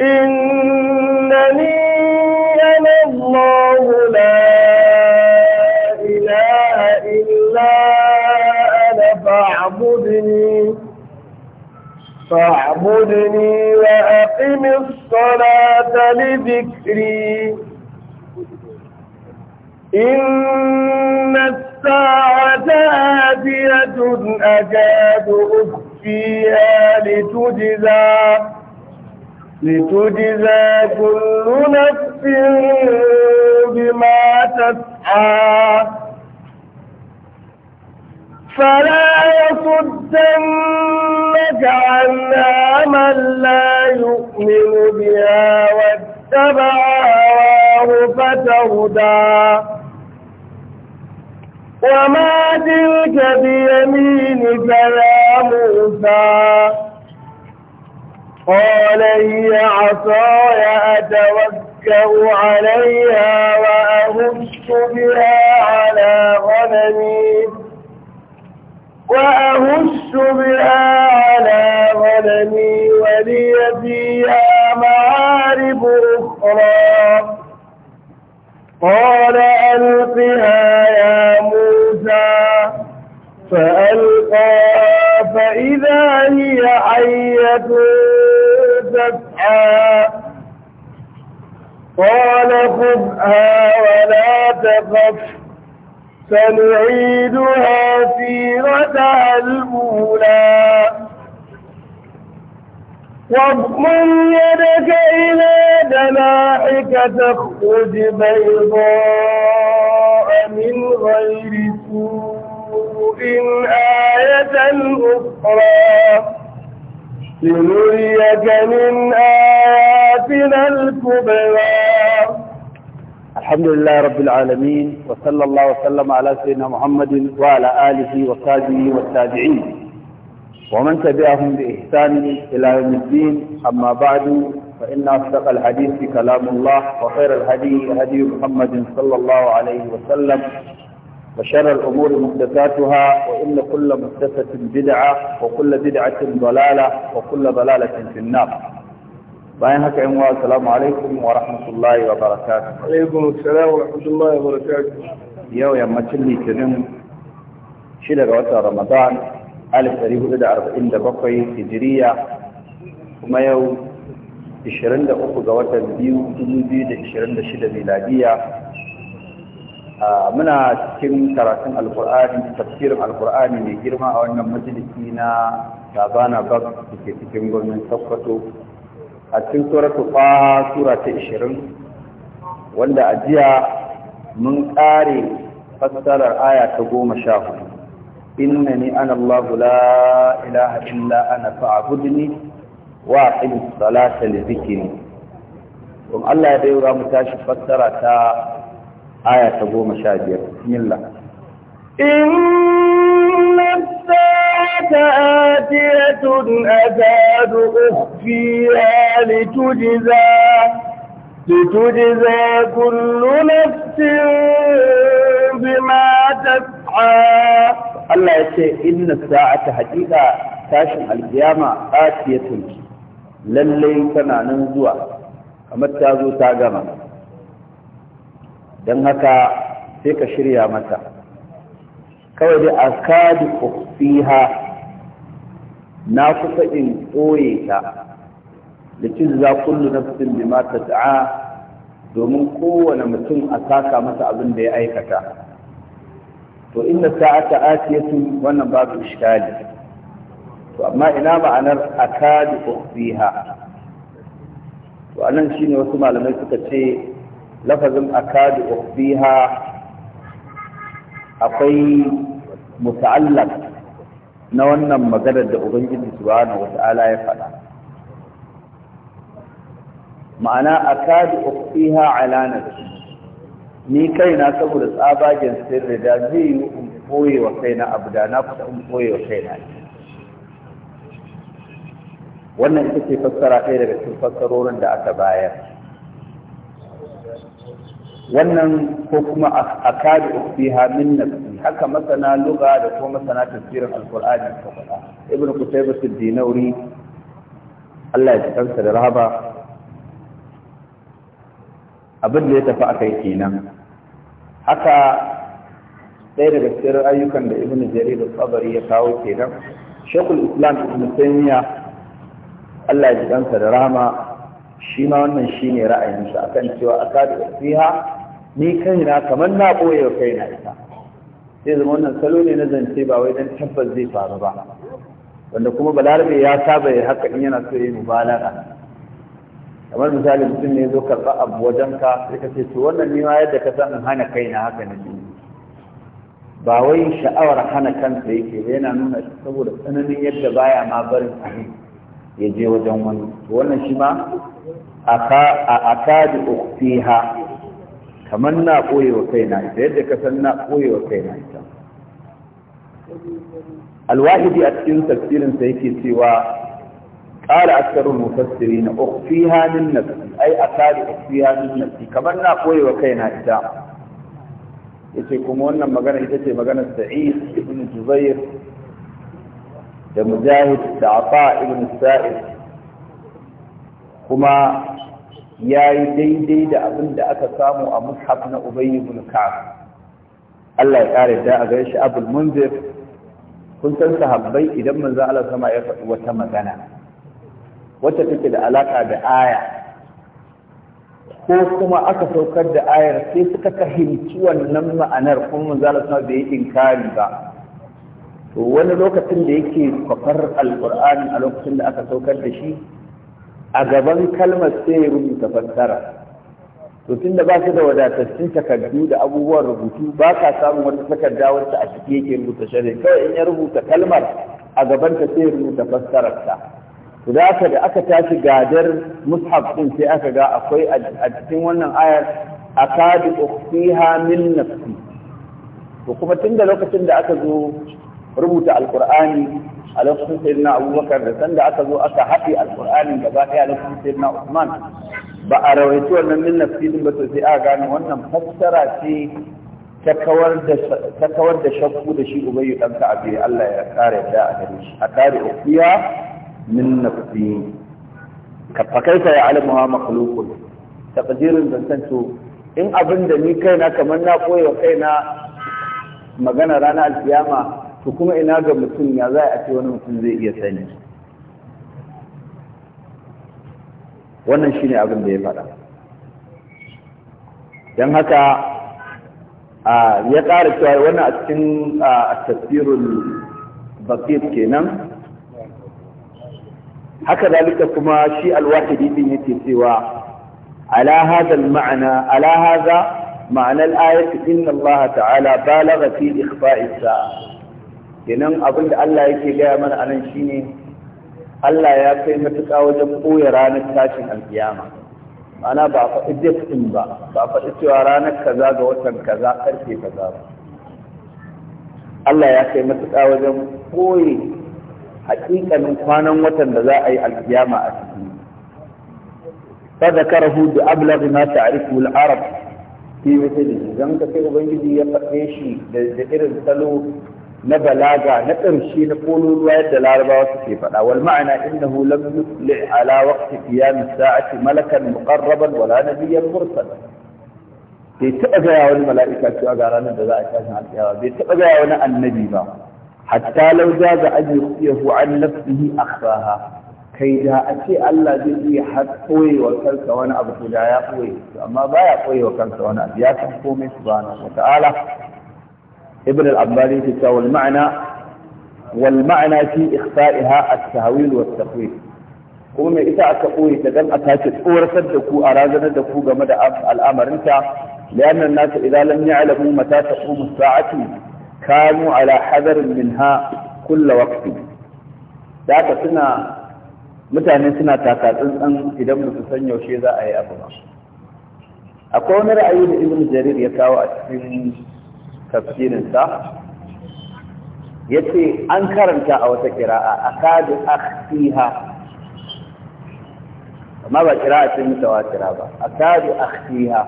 إنني أنا الله لا إله إلا أنا فاعبدني فاعبدني وأقم الصلاة لذكري إن الساعة آتية أكاد أخفيها لتجزى لتجزى كل نفس بما تسعى فلا يصدنك عنها من لا يؤمن بها واتبع هواه فتهدى وما تلك بيمينك يا موسى قال هي عصاي أتوكأ عليها وأهش بها على غنمي وأهش بها على غنمي ولي فيها معارب أخرى قال ألقها يا موسى فألقى فإذا هي حية سبعا قال خذها ولا تخف سنعيدها سيرتها الأولى واضمن يدك إلى جناحك تخرج بيضاء من غير سوء آية أخرى لنريك من آياتنا الكبرى الحمد لله رب العالمين وصلى الله وسلم على سيدنا محمد وعلى آله وصحبه والتابعين ومن تبعهم بإحسان إلى يوم الدين أما بعد فإن أصدق الحديث كلام الله وخير الهدي هدي محمد صلى الله عليه وسلم وشر الأمور محدثاتها وإن كل محدثة بدعة وكل بدعة ضلالة وكل ضلالة في النار باين هكا عموا السلام عليكم ورحمة الله وبركاته عليكم السلام ورحمة الله وبركاته يو يا ماتشلي تنم شيلة وتا رمضان ألف تاريخ بدع أربعين دبقي هجرية وما يو 23 ga watan 2026 miladiya Ah, muna cikin karatun alkur'ani tafsirin alkur'ani mai girma a wannan majalisi na Sabana bak da ke cikin birnin sokoto a cikin suratu fa sura ta 20 wanda a jiya mun kare fassarar aya ta goma sha hudu innani ana allahu la ilaha illa ana fa'budni wa aqim salata li dhikri Allah ya dai mu tashi fassara ta آية تقوم شاجر بسم الله إن الساعة آتية أزاد أخفيها لتجزى لتجزى كل نفس بما تسعى الله يقول إن الساعة حقيقة تاشم القيامة آتية للي كان عنه دواء أمتازو تاقمه don haka sai ka shirya mata kawai da a kadi na kusa in ɓoye ta da za kullu nafsin bima tas'a domin kowane mutum a saka masa abin da ya aikata to inda sa'ata atiyatu wannan babu iskali to amma ina ma'anar akadu ukhfiha to anan shine wasu malamai suka ce lafazin akadu ukhfiha akwai muta'allaq na wannan maganar da ubangiji subhanahu wata'ala ya faɗa ma'ana akadu ukhfiha ala nafsi ni kaina saboda tsabagen sirri da zai yi in koye wa kaina abu da na kusa in koye wa kaina wannan ita ce fassara ɗaya daga cikin fassarorin da aka bayar wannan ko kuma a kari ukhtiha min nafsi haka masana lugha da kuma masana tafsirin alqur'ani ta faɗa ibn qutayba ad-dinauri Allah ya tsanta da rahaba abin da ya tafi akai kenan haka ɗaya daga cikin ayyukan da ibn jarir al-qabari ya kawo kenan shaykhul islam ibn taymiya Allah ya tsanta da rahama shi ma wannan shi ne ra'ayinsa a kan cewa a kada fiha ni kaina kamar na ɓoye wa kaina ita sai zama wannan salo ne na zance ba wai dan tabbas zai faru ba wanda kuma balarabe ya saba ya haka in yana so ya yi mubalaga kamar misali mutum ne zo karɓa abu wajen ka sai ka ce to wannan ni ma yadda ka san in hana kaina haka na ba wai sha'awar hana kansa yake ba yana nuna saboda tsananin yadda baya ma barin abin ya je wajen wani wannan shi ma a aka da ha, kamar na koye wa kai na ita yadda ka san na koye wa kai na ita alwahidi a cikin tafsirin sa yake cewa ƙara asarin mufassiri na ha min nafsi ai aka da uktiha min nafsi kamar na koye wa kai na ita yace kuma wannan magana ita ce magana sa'id ibn zubair da mujahid da afa ibn sa'id kuma ya yi daidai da abin da aka samu a mushaf na ubayy Allah ya kare da a gaishe abul munzir kun san sahabbai idan manzo Allah sama ya faɗi wata magana wacce take da alaka da aya ko kuma aka saukar da ayar sai suka fahimci wannan ma'anar kuma manzo Allah sama bai yi inkari ba to wani lokacin da yake kwafar alkur'ani a lokacin da aka saukar da shi a gaban kalmar sai ya rubuta fassara to tunda ba su da wadatattun takardu da abubuwan rubutu ba ka samun wata takarda wacce a ciki yake rubuta shari kawai in ya rubuta kalmar a gabanta sai ya rubuta fassararta to da aka da aka tashi gadar mushaf din sai aka ga akwai a cikin wannan ayar akadu ukhfiha min nafsi to kuma tunda lokacin da aka zo rubuta alkur'ani a lokacin na abubakar da sanda aka zo aka haɗe alkur'anin gaba ɗaya a lokacin na usman ba a rawaito wannan min nafsidin ba sosai a gane wannan fassara ce ta kawar da shakku da shi ubayyu a biyu. Allah ya ƙara da a gare shi a kare ukiya min nafsi ka ta ya alama makhluqun taqdirin zantan to in abin da ni kaina kamar na koyo kaina magana rana alkiyama to kuma ina ga mutum ya za a ce wani mutum zai iya sani wannan shi ne abin da ya faɗa don haka ya ƙara cewa wannan a cikin tafsirul basir kenan haka dalika kuma shi alwahidi din yake cewa ala hadha al-ma'na ala hadha ma'na al-ayat inna Allah ta'ala balagha fi kenan abin da Allah yake gaya mana anan shine Allah ya kai matuƙa wajen koyar ranar tashin alkiyama ana ba fa faɗi ba ba fa cewa ranar kaza ga watan kaza karfe kaza Allah ya kai matuƙa wajen koyi haƙiƙanin kwanan watan da za a yi alkiyama a ciki bi ablag ma فذكره بأبلغ ما تعرفه العرب في مثله ubangiji ya بنجدي da irin salo na balaga na ƙarshe na kololuwa yadda larabawa suke faɗa wal ma'ana innahu lam yutli ala waqti qiyam sa'ati malakan muqarraban wala nabiyyan mursal bai taɓa gaya wani mala'ika cewa ga ranar da za a tashi alƙiyawa bai taɓa gaya wani annabi ba hatta law jaza an yuqtihu an nafsihi akhraha kai da a ce Allah zai iya har koye wa kansa wani abu da ya koye amma baya koye wa kansa wani abu ya san komai subhanahu wa ta'ala ابن الأبالي في سوى المعنى والمعنى في إخفائها التهويل والتقويل قومي إذا أتقوي تدم أتاكد ورسدكو أرازنا دكو قمد الأمر إنت لأن الناس إذا لم يعلموا متى تقوم الساعة كانوا على حذر منها كل وقت ذاك سنة متى نسنا تاكد إن أن إذا من تسنى ذا أي أبنى أقول رأيي لإبن جرير يتاوى أتفين tafsirinsa ya ce an karanta a wata kira'a a kadu akhtiha amma ba kira'a ce mutawatira ba a kadu akhtiha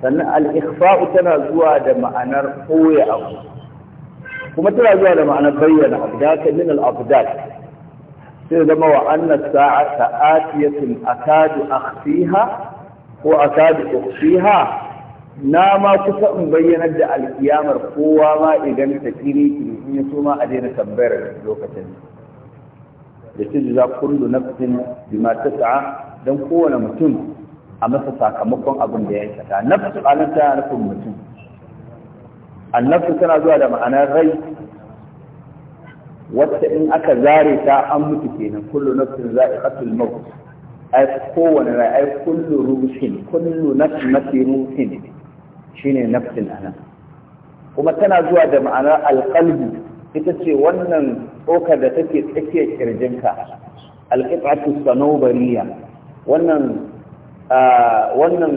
sannan al-ikhfa'u tana zuwa da ma'anar koya abu kuma tana zuwa da ma'anar bayyana abu da haka min al-abdal sai zama wa anna sa'a sa'atiyatun akadu akhtiha ko akadu ukhtiha na ma kusa in bayyana da alkiyamar kowa ma idan ta kiri in ya so ma a daina tambayar lokacin da ce za kullu nafsin bima tas'a dan kowane mutum a masa sakamakon abin da ya aikata nafsu alanta ta nufin mutum annafsu tana zuwa da ma'anar rai wacce in aka zare ta an mutu kenan kullu nafsin za'iqatul maut ai kowane rai ai kullu ruhin kullu nafsin ruhin shine nafsin anan kuma tana zuwa da ma'anar alqalbu ita ce wannan tsokar da take tsakiyar kirjinka alqit'atu Sanobariya. wannan wannan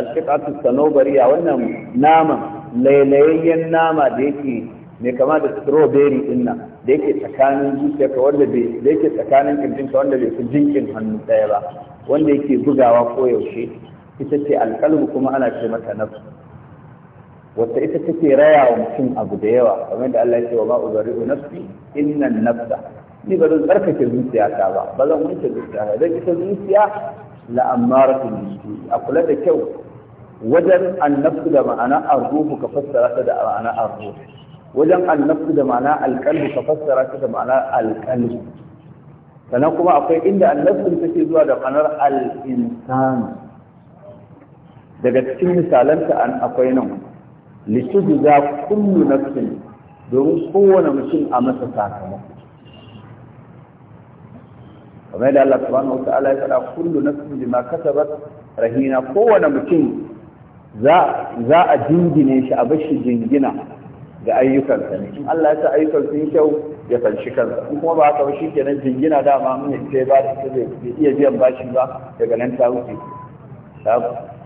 alqit'atu Sanobariya wannan nama lailayayyen nama da yake mai kama da strawberry din nan da yake tsakanin zuciyarka wanda bai da yake tsakanin kirjinka wanda bai fi jinkin hannu ɗaya ba wanda yake bugawa koyaushe ita ce alƙalbu kuma ana ce mata nafsu wata ita take raya wa mutum abu da yawa kamar da Allah ya ce wa ma ubari'u nafsi innan nafsa ni ba zan tsarkake zuciya ta ba ba zan wanke zuciya ta. zan ita zuciya la amaratu bisu a kula da kyau wajen annafsu da ma'ana arruhu ka fassara ta da ma'ana arruhu wajen annafsu da ma'ana alqalbu ka fassara ta da ma'ana alqalbu sannan kuma akwai inda annafsu take zuwa da ma'anar al-insanu daga cikin misalanta an akwai nan lishudu za kullu nafsin domin kowane mutum a masa sakamako Kuma da Allah subhanahu wa ta'ala ya faɗa kullu nafsin bima kasabat rahina kowane mutum za za a jingine shi a bashi jingina ga ayyukansa ne in Allah ya sa ayyukan sun kyau ya fanshi kansa in kuma ba haka ba shikenan jingina dama mun ce ba da zai iya biyan bashi ba daga nan ta wuce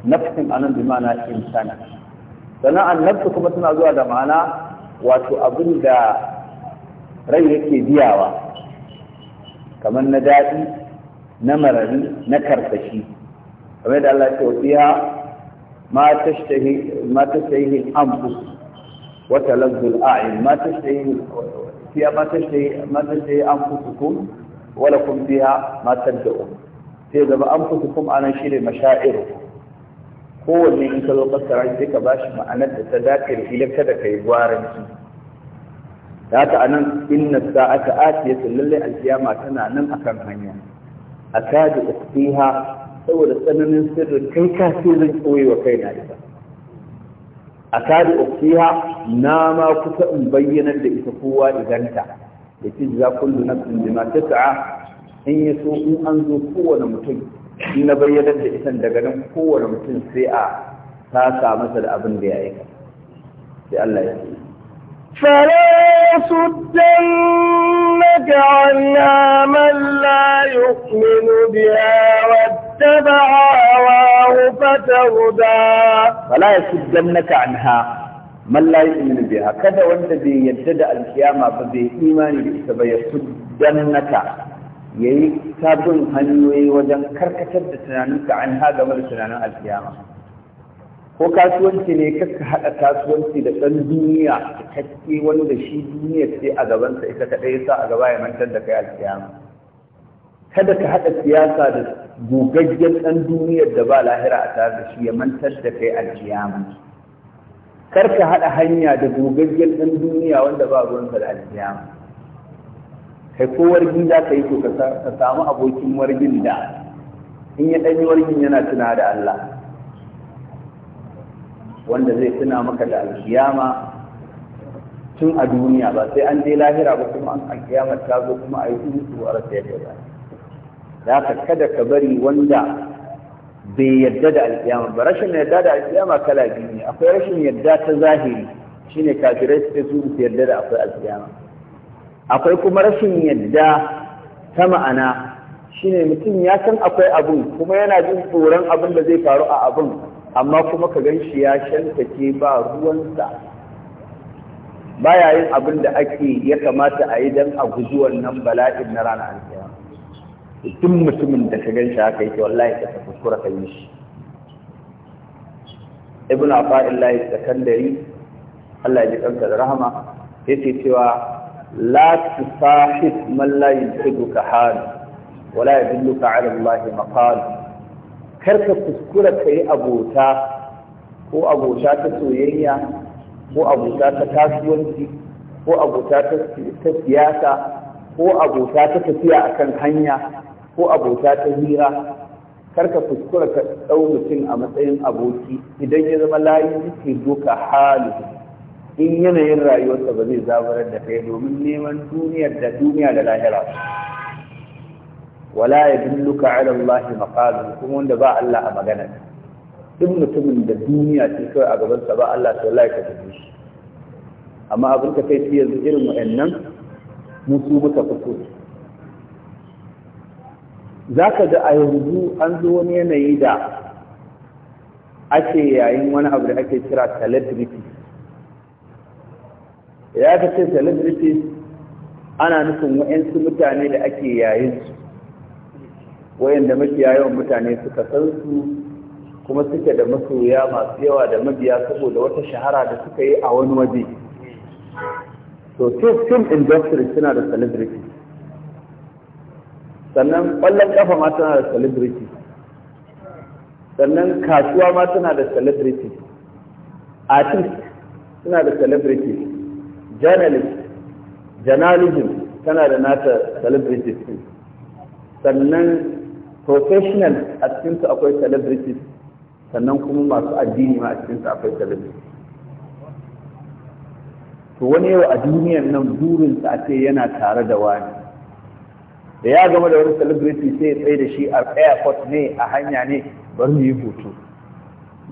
nafsin anan bi ma'ana insana sannan annabtu kuma suna zuwa da ma'ana wato abin da rai yake biyawa kamar na daɗi na marari na karfashi kamar da Allah ce wasiya ma tashtahi ma tashtahi al-anfus wa talazzu al-a'yun ma tashtahi fiha ma tashtahi ma tashtahi anfusukum wa lakum fiha ma tad'un sai zama anfusukum anan shine mashairukum kowanne in ka zo fassara sai ka bashi ma'anar da ta dace da idan ta da yi gwaranci da haka anan inna sa'ata atiyatu lallai alkiyama tana nan akan hanya akadu uqtiha saboda tsananin sirrin kai ka ce zan koyi wa kaina ita akadu uqtiha na ma kusa in bayyanar da ita kowa iganta yace za kullu nafsin bima tas'a in yaso in an zo kowane mutum shi na bayyanar da isan daga nan kowane mutum sai a ta samu da abin da ya yi sai Allah ya ce fara su dan naga malla biya wadda ba a wawo fata guda malla biya kada wanda bai yadda da alkiyama ba bai imani da ita ba ya su dan ya yi sabon hanyoyi wajen karkatar da tunaninka an ha game da tunanin alfiyama. ko kasuwanci ne kaka haɗa kasuwanci da ɗan duniya cikakke wanda shi duniyar sai a gabansa ita kaɗai ya sa a gaba ya mantar da kai alfiyama? kada ka haɗa siyasa da gogaggen ɗan duniyar da ba lahira a tare da shi ya mantar da kai alfiyama. kar ka haɗa hanya da gogaggen ɗan duniya wanda ba ruwansa da alfiyama. kai ko wargi za ka yi to ka samu abokin wargin da in ya ɗanyi wargin yana tuna da Allah wanda zai tuna maka da alkiyama tun a duniya ba sai an je lahira ba kuma an alkiyama ta zo kuma a yi su a rasa yadda ba za ka kada ka bari wanda bai yadda da alkiyama ba rashin yadda da alkiyama kala biyu ne akwai rashin yadda ta zahiri shine kafirai su su yadda da akwai alkiyama akwai kuma rashin yadda ta ma'ana shi ne mutum ya san akwai abin kuma yana jin tsoron abin da zai faru a abin amma kuma ka gan shi ya shantake ba ruwansa ya yin abin da ake ya kamata a yi don a guji wannan bala'in na rana an duk mutumin da ka gan shi haka yake wallahi ka ta ka yi shi ibn afa'illahi sakandari Allah ya ji kanka da rahama yace cewa لا تصاحب من لا يلحقك حال ولا يدلك على الله مقال karka kuskura ka yi abota ko abota ta soyayya ko abota ta ta siyasa ko abota ta tafiya akan hanya ko abota hira karka kuskura ka ɗau mutum a matsayin aboki idan ya zama layi in yanayin rayuwarsa ba zai zaburar da kai domin neman duniyar da duniya da lahira wala ya dilluka ala Allah maqalu kuma wanda ba Allah a magana duk mutumin da duniya ce kai a gaban sa ba Allah to wallahi ka tafi shi amma abin ka kai shi yanzu irin wa'annan mu su muka fito zaka ga a yanzu an zo wani yanayi da ake yayin wani abu da ake kira celebrity ya ka ce celebrities ana nufin wa'yansu mutane da ake yayin su wayanda mafi yawan mutane suka san su kuma suke da masoya masu yawa da mabiya saboda wata shahara da suka yi a wani waje so film industry suna da celebrity sannan ƙwallon ƙafa ma tana da celebrity sannan kasuwa ma tana da celebrity artist suna da celebrity journalist journalism tana da nata celebrity din sannan professional a cikin su akwai celebrity sannan kuma masu addini ma a cikin su akwai celebrity to wani yau a duniyar nan sa a ce yana tare da wani da ya gama da wani celebrity sai ya tsaye da shi a airport ne a hanya ne bari mu yi hoto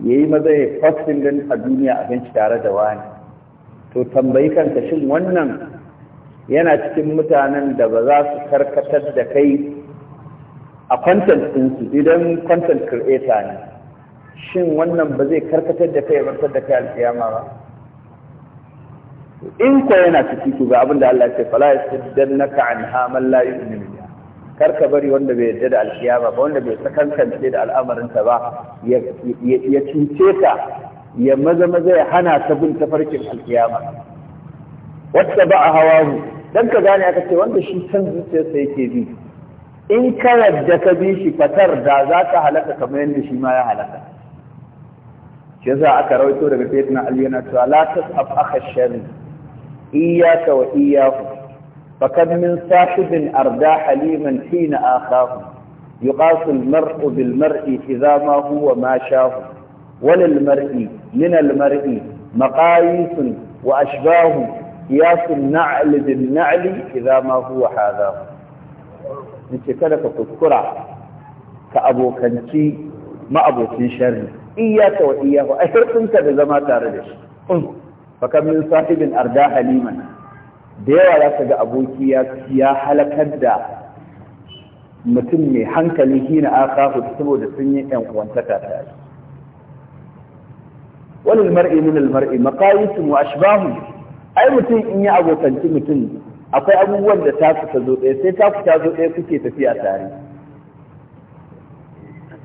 ya yi maza ya din a duniya a ganci tare da wani to tambayi kanka shin wannan yana cikin mutanen da ba za su karkatar da kai a content ɗinsu idan content creator ne shin wannan ba zai karkatar da kai a barkar da kai alƙiyama ba in ko yana ciki ku ga abin da Allah ya ce fala an ha man la yu'minu biha kar ka bari wanda bai yarda da alƙiyama ba wanda bai sakankance da al'amarin ta ba ya cuce ka ya maza maza ya hana ka bin tafarkin alkiyama wata ba a hawahu dan ka gane aka ce wanda shi san zuciyarsa yake bi in ka yadda ka bi shi fatar da za ka halaka kamar yadda shi ma ya halaka shi yasa aka rawaito daga sayyidina ali yana cewa la tasab akha sharri iyyaka wa iyyahu fakad min sahibin arda haliman hina akhahu yuqasu al-mar'u bil mar'i idha ma huwa ma shahu وللمرء من المرء مقاييس وأشباه قياس النعل بالنعل إذا ما هو هذا انت كذا تذكر كأبو كنتي ما أبو تنشر إياك وإياه أهر كنت بزما تاردش فكم من صاحب أرداها حليما ديوا لا تجا أبوكي يا حلك الدا متمي حنك hankali آخاه na لسني hudu saboda sun Wani mar'i min al mar'i maqayisun wa ashbahu ai mutum in ya abokanci mutum akwai abubuwan da ta ta zo ɗaya sai ta ta zo ɗaya kuke tafiya tare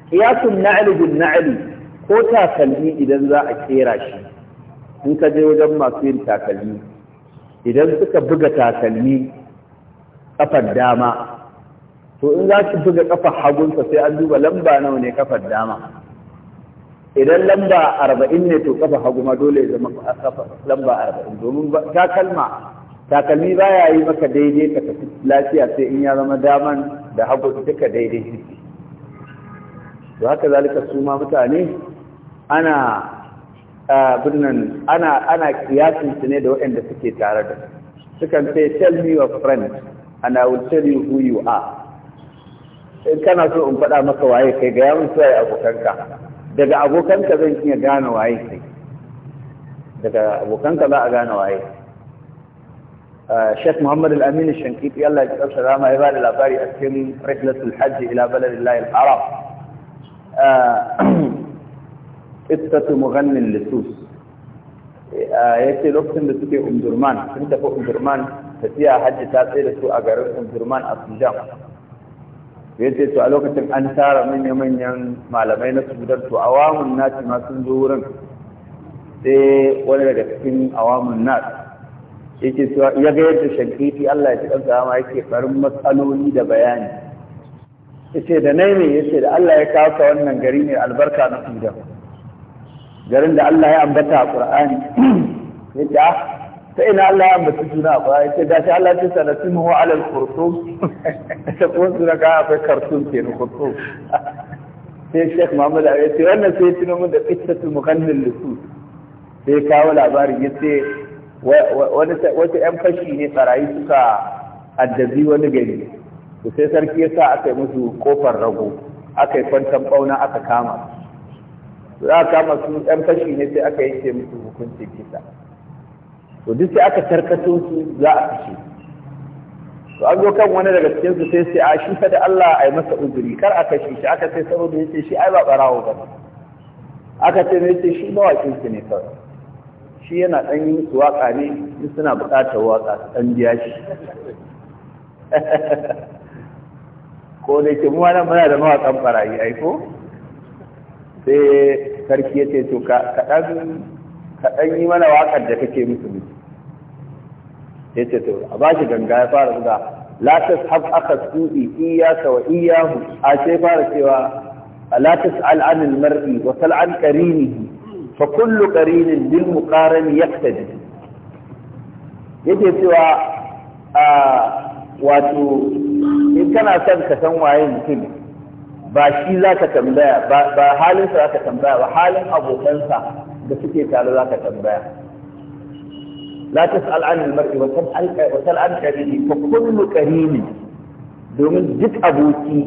qiyasun na'li bin na'li ko takalmi idan za a kera shi in ka je wajen masu yin takalmi idan suka buga takalmi kafar dama to in za su buga kafar hagunsa sai an duba lamba nawa ne kafar dama idan lamba arba'in ne to kafa hagu ma dole ya zama kafa lamba arba'in domin takalma takalmi baya yi maka daidai ka tafi lafiya sai in ya zama daman da hagu duka daidai suke to haka zalika su ma mutane ana birnin ana ana kiyasin su ne da waɗanda suke tare da su sukan say tell me your friend and I will tell you who you are in kana so in faɗa maka waye kai ga yawan suwaye abokanka daga abokanka zan iya gane waye kai daga abokanka za a gane waye Sheikh Muhammad Al-Amin al Shankiti Allah ya tsarsa rama ya bada labari a cikin Rihlatul hajj ila baladillahi al-Arab qissatu mughannin lisus yace lokacin da suke Umdurman sun tafi Umdurman tafiya hajji ta tsaye da su a garin Umdurman a Sudan ya ce to a lokacin an tara manya-manyan malamai na sudan to awamun nasi ma sun zo wurin sai wani daga cikin awamun nasi ya ce to ya ga yadda shankiti Allah ya ci ɗansa ma yake farin matsaloli da bayani ya ce da nai ne ya ce da Allah ya kawo wannan gari ne albarka na sudan garin da Allah ya ambata a ƙur'ani ya ce ah, ta ina Allah ya mutu juna ba ya ce gashi Allah ce sanatin ala alal kurtum ta kuma suna ka akwai kartun ke na kurtum sai Sheikh Muhammad ya ce wannan sai tuno mun da qissatul mughannil lisu sai kawo labarin ya ce wata yan fashi ne tsarayi suka addabi wani gari to sai sarki ya sa aka yi musu kofar rago aka yi kwantan bauna aka kama za a kama su yan fashi ne sai aka yi ce musu hukuncin kisa to duk sai aka tarkato su za a kashe to an zo kan wani daga cikin su sai sai a shi fa da Allah ai masa uzuri kar a kashe shi aka sai saboda yace shi ai ba barawo ba aka ce ne yace shi mawakin shi ne kawai shi yana dan yin waka ne in suna buƙatar waka su dan biya shi ko da ke mu nan muna da mawakan barayi ai ko sai sarki ya ce to ka kaɗan yi mana waƙar da kake musu musu ya to a bashi ganga ya fara buga la tashab aka tsudi iyyaka wa iyyahu a ce fara cewa la tas'al 'anil mar'i wa sal 'an qarinihi fa kullu qarinin bil muqarin yaqtadi yake cewa a wato in kana son ka san waye mutum ba shi za ka tambaya ba halinsa za ka tambaya ba halin abokansa da suke tare za ka tambaya la tas'al 'anil mar'i wa tas'al wa tas'al karini fa kullu domin duk aboki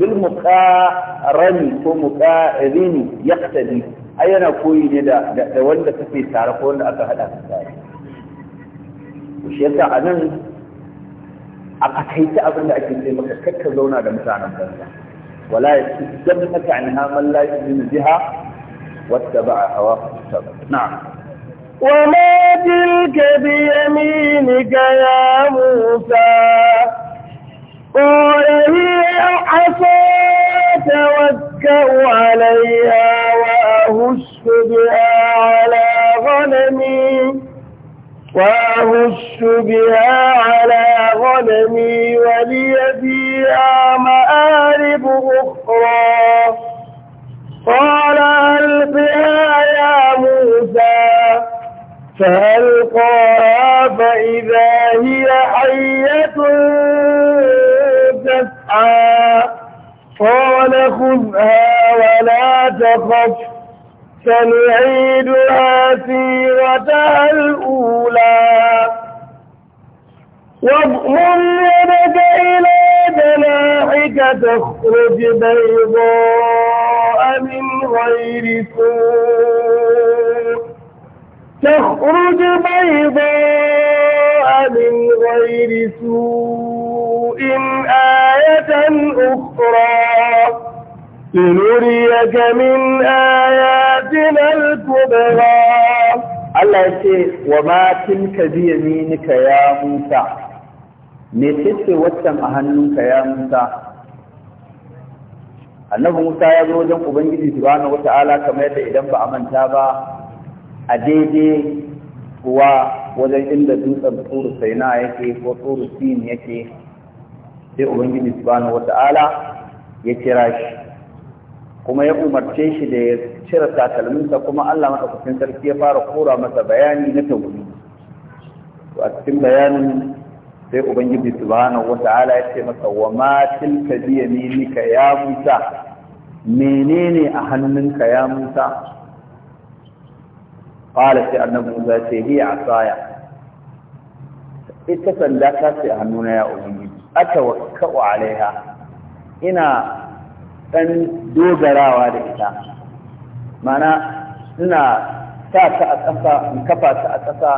bil muqarrani ko muqarrini yaqtadi ai yana koyi ne da da wanda kake tare ko wanda aka hada ka tare shi yasa anan a takaita abin da ake ce maka kakka zauna da mutanen banza wala ya ci a وما تلك بيمينك يا موسى قال هي عصا توكأ عليها وأهش بها على غنمي وأهش بها على غنمي ولي فيها فألقاها فإذا هي حية تسعى قال خذها ولا تخف سنعيدها سيرتها الأولى واضمن يدك إلى جناحك تخرج بيضاء من غير سوء تخرج بيضاء من غير سوء آية أخرى لنريك من آياتنا الكبرى Allah ya ce wa matin ka biya minika ya Musa, me ce waccan a hannunka ya Musa? Annabi Musa ya zo wajen Ubangiji subhanahu wata ala kamar yadda idan ba a manta ba a daidai kuwa wajen inda dutsen tsoro na yake ko tsoro sin yake sai ubangiji subhanahu wata'ala ya kira shi kuma ya umarce shi da ya cire takalminsa kuma Allah madaukakin sarki ya fara kora masa bayani na tauhidi to a cikin bayanin sai ubangiji subhanahu wata'ala ya ce masa wa ma tilka biyaminika ya Musa menene a hannunka ya Musa qala sai nan Musa sai biya a asaya ita sanda ta ce a hannuna ya ubangiji kawo alaiha ina dan dogarawa da ita mana ina ta ta a ƙasa in kafa ta a ƙasa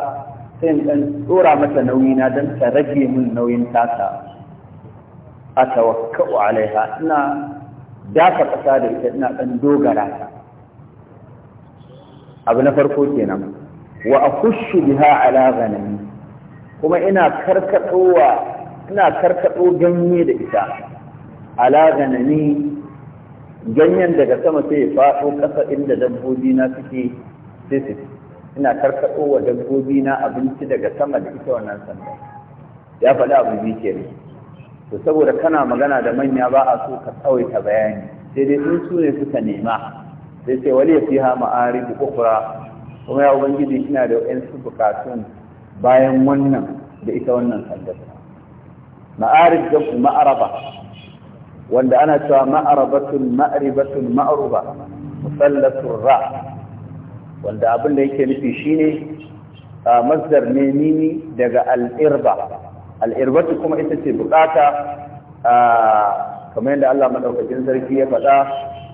sai ɗan dan tsora mata nauyi na dan ta rage min nauyin tasa atawakkau alaiha ina dafa ƙasa da ita ina dan dogara abu na farko kenan wa akhushu biha ala kuma ina karkatowa ina karkato ganye da ita ala ghanami ganyen daga sama sai faɗo ƙasa inda dabbobi na suke sisi ina karkaɗo wa dabbobi na abinci daga sama da ita wannan sanda ya faɗi abu biyu ke to saboda kana magana da manya ba a so ka tsawaita bayani sai dai in su ne suka nema sai ce wali ya fiha da ukhra kuma ya ubangiji ina da 'yansu bukatun bayan wannan da ita wannan sandar ma'arib da ma'araba wanda ana cewa ma'arabatun ma'aribatun ma'ruba musallatun ra wanda abin da yake nufi shine masdar ne nini daga al'irba. Al'irbatu kuma ita ce bukata kamar yadda Allah madaukakin sarki ya faɗa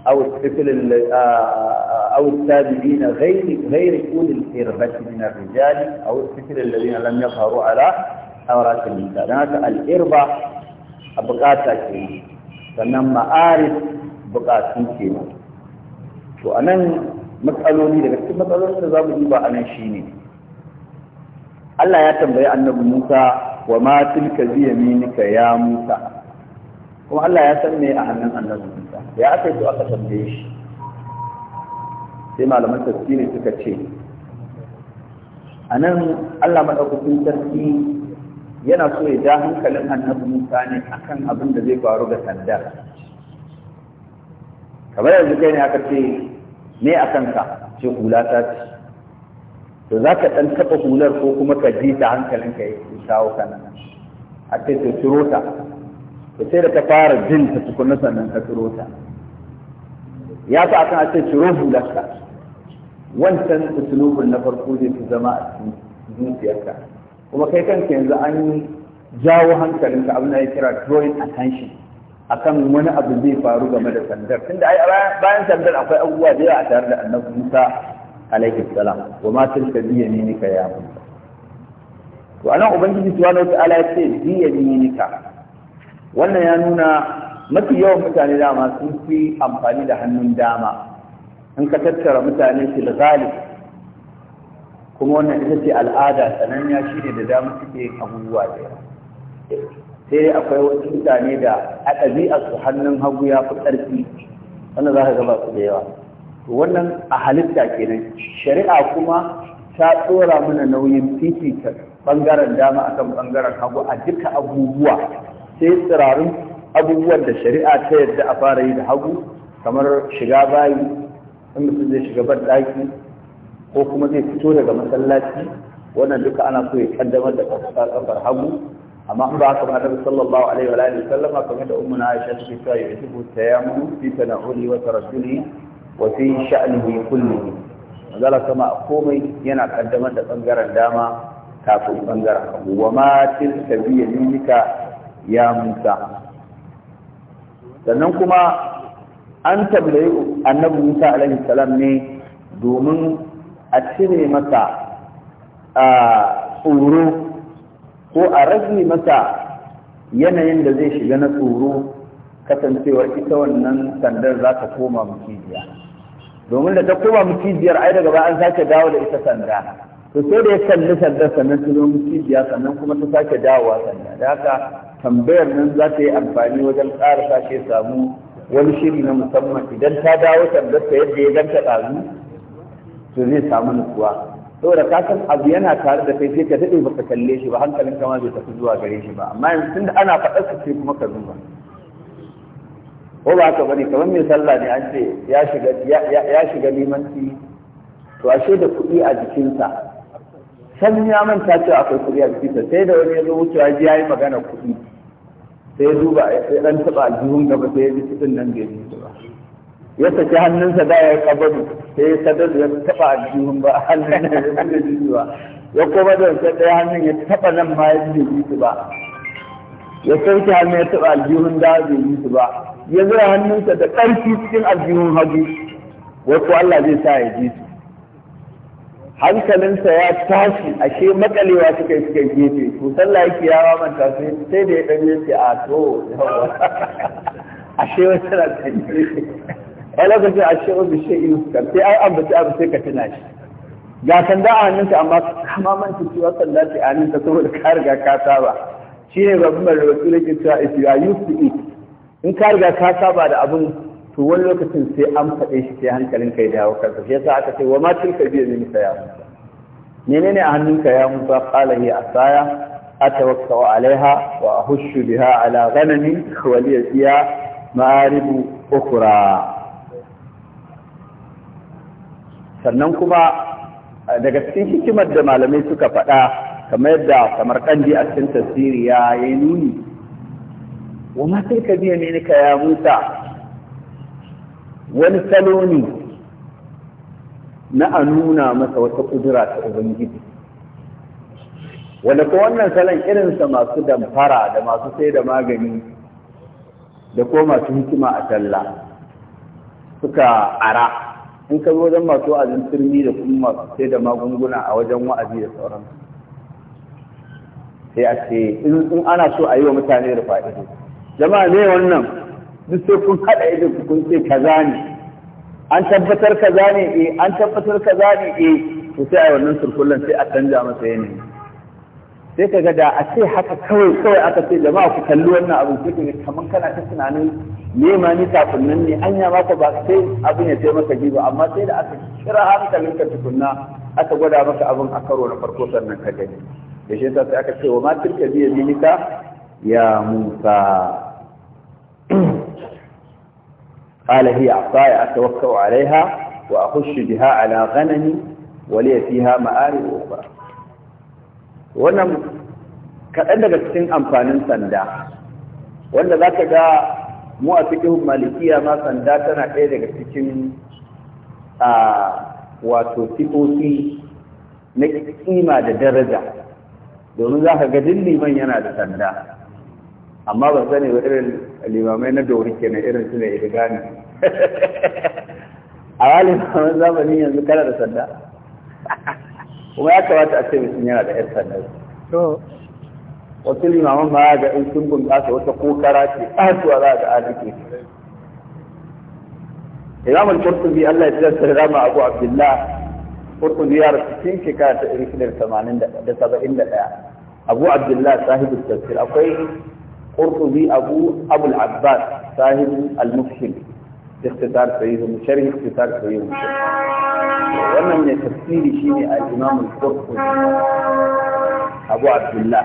او الطفل آه، آه، او التابعين غير غير كل الاربه من الرجال او الطفل الذين لم يظهروا على اوراق النساء هناك الاربه ابقات كثيره فنم معارف بقات كثيره تو ان مسالوني مسالوني مسالوني مسالوني مسالوني مسالوني مسالوني daga cikin matsalolin da zamu مسالوني anan shine Allah ya tambaye مسالوني Musa wa ma tilka yaminika مسالوني Musa kuma Allah ya san مسالوني a hannun annabi Musa ya aka yi aka tambaye shi sai malaman tafsiri suka ce a nan allah maɗaukakin sarki yana so ya ja hankalin annabi musa ne akan abin da zai faru ga sanda kamar yanzu kai ne aka ce me a kanka ce hula ta ce to za ka ɗan taɓa hular ko kuma ka ji ta hankalinka ya kawo kana a ce to ciro ta to sai da ta fara jin ta nasa nan ka turo ta ya fi akan a ce ciro wancan usulubin na farko zai fi zama a cikin zuciyarka kuma kai kanka yanzu an jawo hankalinka abin da ya kira drawing attention kan wani abu zai faru game da sandar tunda ai bayan sandar akwai abubuwa da yawa a tare da annabi Musa alaihi salam wa ma tilka biyaminika ya Musa to anan ubangiji subhanahu wa ta'ala ya ce ka. wannan ya nuna mafi yawan mutane dama sun fi amfani da hannun dama in ka tattara mutane fil ghalib kuma wannan ita ce al'ada sananniya shine da dama suke yin abubuwa da Sai dai akwai wasu mutane da a su hannun hagu ya fi ƙarfi Wannan za ka gaba su da yawa wannan a halitta kenan shari'a kuma ta tsora mana nauyin fifita ɓangaren dama akan ɓangaren hagu a duka abubuwa sai tsirarin abubuwan da shari'a ta yadda a fara yi da hagu kamar shiga bayi in mutum zai shiga ban ɗaki ko kuma zai fito daga masallaci wannan duka ana so ya kaddamar da kafar hagu amma in ba haka ba annabi sallallahu alaihi wa alihi sallama kamar da ummu Aisha take cewa ya tubu tayammu fi tanawuli wa tarasuli wa fi sha'nihi kullihi magana kama komai yana kaddamar da bangaren dama kafin bangaren hagu wa ma tilka bi yaminika ya Musa sannan kuma an tambayi annabi Musa alaihi salam ne domin a cire masa a tsoro ko a rage masa yanayin da zai shiga na tsoro kasancewar ita wannan sandar za ta koma mucijiya domin da ta koma mucijiyar ai daga baya an sake dawo da ita sanda to sai da ya kalli sandar sannan ta zo sannan kuma ta sake dawowa sanda da haka tambayar nan za ta yi amfani wajen ƙara sashe samu wani shiri na musamman idan ta dawo tambayarta yadda ya ganta ɗazu to zai samu nutsuwa saboda ka san abu yana tare da kai sai ka daɗe baka kalle shi ba hankalin kama zai tafi zuwa gare shi ba amma yanzu tunda ana faɗar ka sai kuma ka zuba ko ba haka bane kamar mai sallah ne an ce ya shiga ya shiga limanci to ashe da kuɗi a jikinsa san ya manta cewa akwai kuɗi a jikinsa sai da wani ya zo wucewa ya yi magana kuɗi sai ya duba sai dan taba aljihun gaba sai ya ji kudin nan bai ji ba ya saki hannunsa da ya kabaru sai ya sadar ya taba aljihun ba hannun nan ya bude ji ba ya koma da sai ɗaya hannun ya taba nan ma ya ji su ba ya sauke hannun ya taba aljihun da bai ji ba ya zura hannunsa da ƙarfi cikin aljihun hagu wasu Allah zai sa ya ji su hankalinsa ya tashi ashe makalewa suka suka gefe to sallah yake yawa manta sai sai da ya dan yace a to ashe wata na tsaye a lokacin ashe wani shi'in sai ai bace abu sai ka tuna shi ga sanda a ta amma kama manta cewa sallah ce a ta saboda ka riga ka saba shi ne babban da wasu yake cewa if you are in ka riga ka saba da abun to wani lokacin sai an faɗe shi sai hankalin kai da hawa kansa shi yasa aka ce wa ma ka biya ne musa ya musa menene a hannunka ya musa qala hi asaya atawakkau alaiha wa ahushu biha ala ghanami wa liya fiha ma'aribu ukhra sannan kuma daga cikin hikimar da malamai suka faɗa kamar yadda kamar kandi a cikin tasiri ya yi nuni wa ma tilka biya ne ya musa wani salo ne na a nuna masa wata kudura ta ubangiji wanda ko wannan salon irinsa masu damfara da masu sai da magani da ko masu hikima a talla suka ara in ka zo don masu wa'azin turmi da kuma masu sai da magunguna a wajen wa'azi da sauransu sai a ce in ana so a yi wa mutane da fa'ido jama'a ne wannan duk sai kun haɗa idan kun ce kaza ne an tabbatar kaza ne eh an tabbatar kaza ne eh to sai a wannan surkullan sai a canja masa yanayi sai kaga da a ce haka kawai kawai aka ce jama'a ku kalli wannan abin sai kamar kana ta tunanin me ma ni kafin ne anya maka ba sai abin ya taimaka ba amma sai da aka kira ka tukunna aka gwada maka abin a karo na farko sannan ka gani da shi sai aka ce wa ma tilka biya ya musa قال هي عصاي أتوكأ عليها وأخش بها على غنمي ولي فيها مآرب أخرى wannan kaɗan daga cikin amfanin sanda wanda za ka ga mu a cikin malikiya ma sanda tana ɗaya daga cikin wato sifofi na kima da daraja domin za ka ga duk liman yana da sanda amma ba sani ba irin limamai na dori kenan irin su ne irgani a halin kamar zamanin yanzu kana da sanda kuma ya kamata a ce mutum yana da yan sanda wasu limaman ma ga in sun bunƙasa wata kokara ce ƙasuwa za a ga adiki imam al-qurtubi Allah ya tsara rama abu abdullah qurtubi ya rasu cikin shekara ta 1981 abu abdullah sahibu tafsir akwai قرطبي أبو أبو العباس صاحب المفهم اختصار صحيح مشرح اختصار صحيح مشرح وانا من تفسيري شيء الإمام القرطبي أبو عبد الله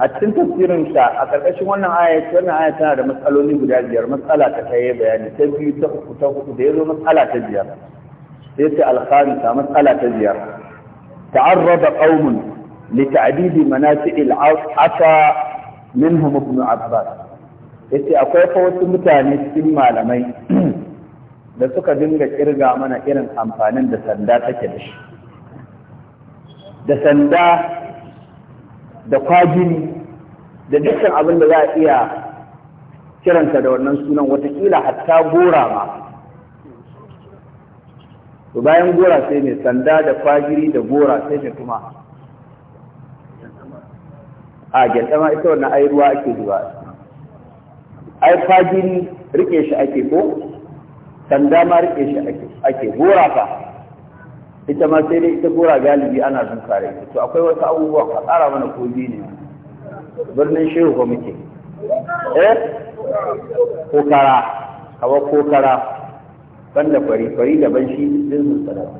أتن تفسير إن شاء إيش وانا آية وانا آية تانا مسألوني جير مسألة تخيبة يعني تبي تخف تخف ديزو مسألة تجير سيرة الخامسة مسألة تجير تعرض قوم لتعديد مناسئ العصا minhum ibn abbas yace akwai fa wasu mutane cikin malamai da suka dinga kirga mana irin amfanin da sanda take da shi da sanda da kwajini da dukkan abin da za a iya kiranta da wannan sunan watakila hatta gora ma bayan gora sai ne sanda da kwagiri da gora sai ne kuma a gyanta ma ita wannan ai ruwa ake zuwa ai fajiri rike shi ake ko sanda ma rike shi ake ake gora fa ita ma sai dai ita gora galibi ana duka da ita to akwai wasu abubuwa ka tsara mana ko ne birnin shehu ko muke eh kokara kawa kokara banda fari fari ban shi jinsin sanda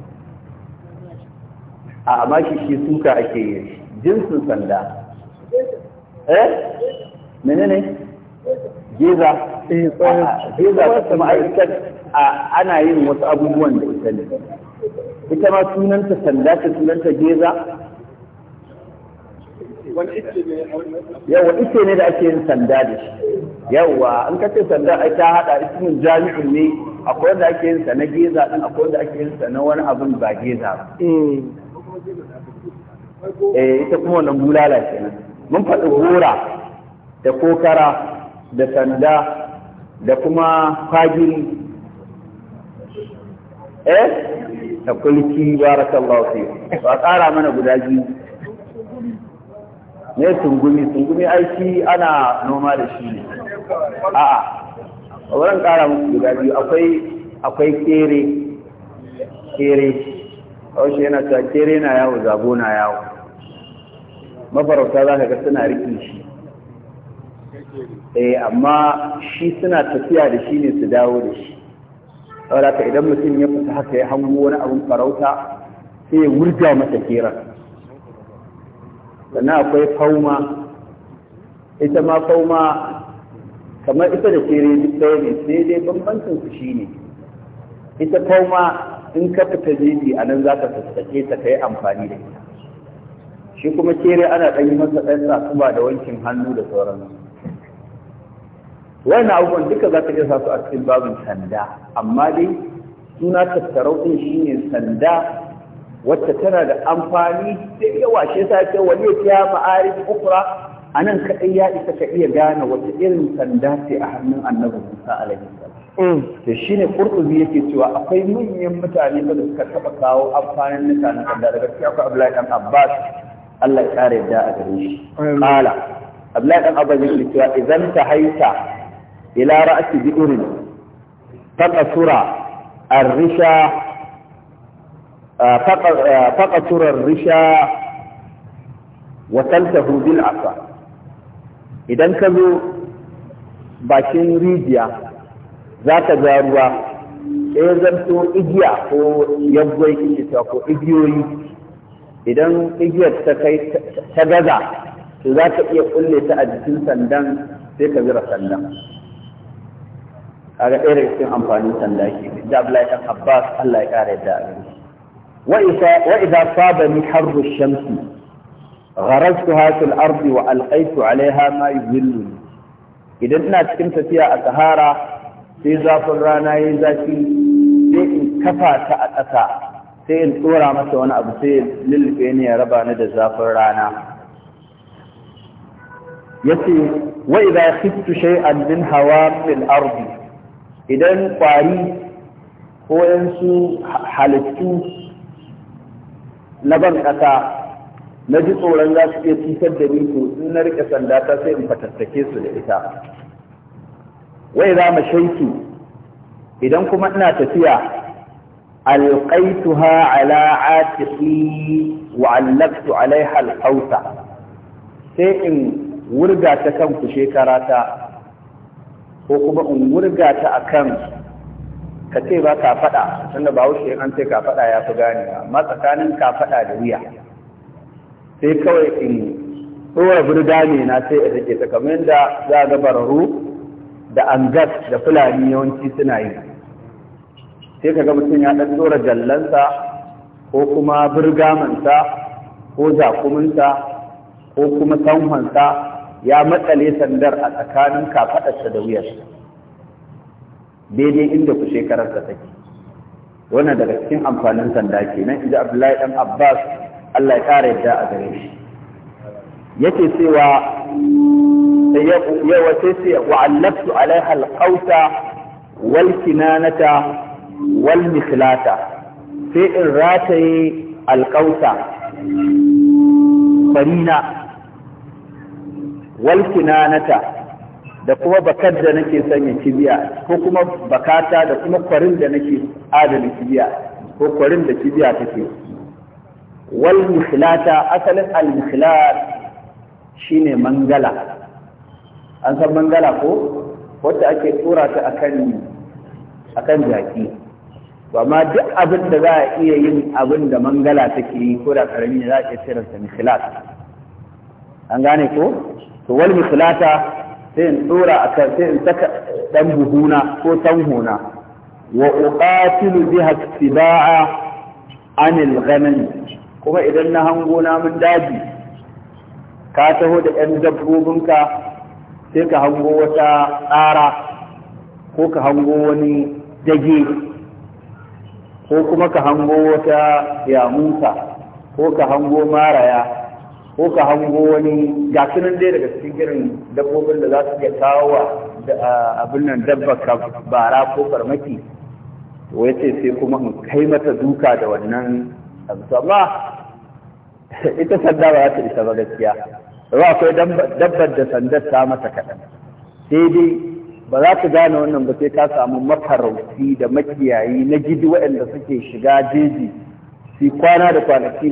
a amma shi shi suka ake yi jinsin sanda eh menene geza eh, geza ta ma'aikatar ana yin wasu abubuwan da ita ne ita ma sunanta sanda ta sunanta geza yawa ita ne da ake yin sanda da shi yawa an kace sanda ai ta hada ismin jami'in ne akwai wanda ake yin sa na geza din akwai wanda ake yin sa na wani abin ba geza ba eh. eh ita kuma wannan bulala kenan mun faɗi gora da kokara da sanda da kuma fagiri eh da kulki barakallahu fi to a tsara mana guda biyu ne tungumi tungumi aiki ana noma da shi ne a'a a wurin ƙara muku guda biyu akwai akwai kere kere a yana cewa kere na yawo zago na yawo mafarauta za ka ga suna riƙe shi eh amma shi suna tafiya da shi ne su dawo da shi saboda ka idan mutum ya fita haka ya hango wani abin farauta sai ya wurga masa kera sannan akwai fauma ita ma fauma kamar ita da kere duk ɗaya ne sai dai bambancin su ne ita fauma in ka fita jeji a nan za ka fuskace ta ka yi amfani da ita shi kuma kere ana ɗan yi masa ɗan kuma da wankin hannu da sauransu wannan abubuwan duka za ta iya sa su a cikin babin sanda amma dai suna tattarau ɗin ne sanda wacce tana da amfani da yawa shi sa ce wani ya ma'arif a anan kaɗai ya isa ka iya gane wata irin sanda ce a hannun annabi Musa alaihi salam mm. shi ne qurtubi yake cewa akwai manyan mutane da suka taɓa kawo amfanin mutane sanda daga cikin akwai Abdullahi dan Abbas Allah ya kare yadda a gare shi qala Abdullahi dan Abba yake cewa idan ta haita ila ra'si bi'rin faqasura ar-risha ah, faqasura ah, ar-risha wa tantahu bil asa idan ka zo bakin rijiya za ka ga ruwa sai zanto igiya ko yaggwai kike ko igiyoyi idan igiyar ta kai ta gaza to za ta iya kulle ta a jikin sandan sai ka zira sandan kaga ɗaya daga cikin amfanin sanda ke da Abdullahi kan Abbas Allah ya kare da abin wa isa wa idza sabani harru shamsi gharaztuha fil ardi wa alqaitu alaiha ma yuzilluni idan ina cikin tafiya a sahara sai zafin rana yayi zafi sai in kafa ta a ƙasa sai in tsora masa wani abu sai lullube ne ya raba ni da zafin rana yace wa idza khiftu shay'an min hawamil ardi idan kwari ko yansu halittu na ban kasa na ji tsoron za su iya cutar da ni to in na rike sanda ta sai in fatattake su da ita wai za mu shaitu idan kuma ina tafiya alqaituha ala atiqi wa allaftu alaiha sai in wurga ta kan ku ko kuma in wurga ta kan ka ce ba ka faɗa tunda ba wuce an ce ka faɗa ya fi ganewa amma tsakanin ka faɗa da wuya sai kawai in ɗora burga ne na sai in rike ta kamar yadda za a ga bararu da angas da fulani yawanci suna yi sai ga mutum ya ɗan tsora jallansa ko kuma birgamansa, ko jakuminsa ko kuma sanhonsa ya matsale sandar a tsakanin kafaɗarsa da wuyarsa daidai inda ku shekararsa take wannan daga cikin amfanin sanda kenan inda Abdullahi dan Abbas Allah ya ƙara yadda a gare shi yake cewa ya wace sai wa'allaftu alaiha alqauta wal kinanata wal mislata sai in rataye alƙausa farina wal kinanata da kuma bakar da nake sanya kibiya ko kuma bakata da kuma kwarin da nake adana kibiya ko kwarin da kibiya take wal mihlata asalin al mihlat shine mangala an san mangala ko wacce ake tsora ta akan akan jaki to amma duk abin da za a iya yin abin da mangala take yi ko da karami ne za a iya sirarsa mislat an gane ko to wal mislata sai in a kan sai in saka dan buhuna ko tanhuna wa uqatilu biha istiba'a anil ghanam kuma idan na hango namun daji ka taho da yan dabbobinka sai ka hango wata tsara ko ka hango wani dage ko kuma ka hango wata yamusa ko ka hango maraya ko ka hango wani gasunan dai daga cikin irin dabbobin da za su iya kawo wa abin nan dabba ka bara ko farmaki wai ce sai kuma in kai mata duka da wannan abu amma ita sanda ba za ta isa ba gaskiya ba akwai dabbar da sandar ta mata kaɗan sai dai ba za ka gane wannan ba sai ka samu mafarauci da makiyayi na gidi waɗanda suke shiga jeji su kwana da kwanaki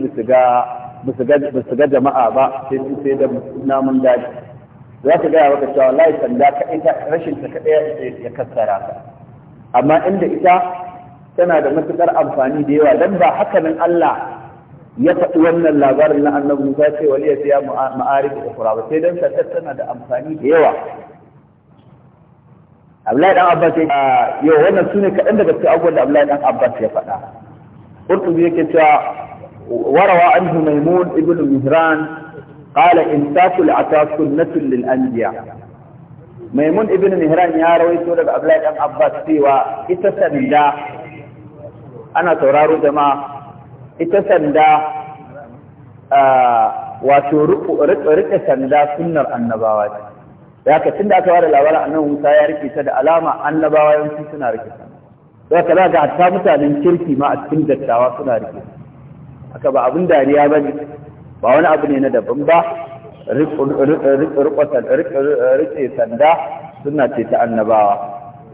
ba su ga jama'a ba sai su sai da namun daji za ka gaya maka cewa layi sanda kaɗai ta rashin ta kaɗai ya kassara ka amma inda ita tana da matuƙar amfani da yawa don ba nan Allah ya faɗi wannan labarin na annabi Musa ce wali ya fiya da ba sai dan tana da amfani da yawa Abdullahi dan Abbas ya yau wannan sune kaɗan daga cikin abubuwan da Abdullahi dan Abbas ya faɗa Qurtubi yake cewa warawa anhu Maimun ibn Mihran قال إمساك العطاء سنة للأنبياء ميمون Maimun مهران يا ya rawaito daga أم أباس abbas إتسن دا أنا تورارو جماعة إتسن دا آه واتو رق رق رق سنة النبوات da haka tun da aka ware labarin annabi Musa ya rike ta da alama annabawa yawanci suna rike ta da haka za ga hatta mutanen kirki ma a cikin dattawa suna rike haka ba abin dariya ba ne ba wani abu ne na daban ba rike sanda suna ce ta annabawa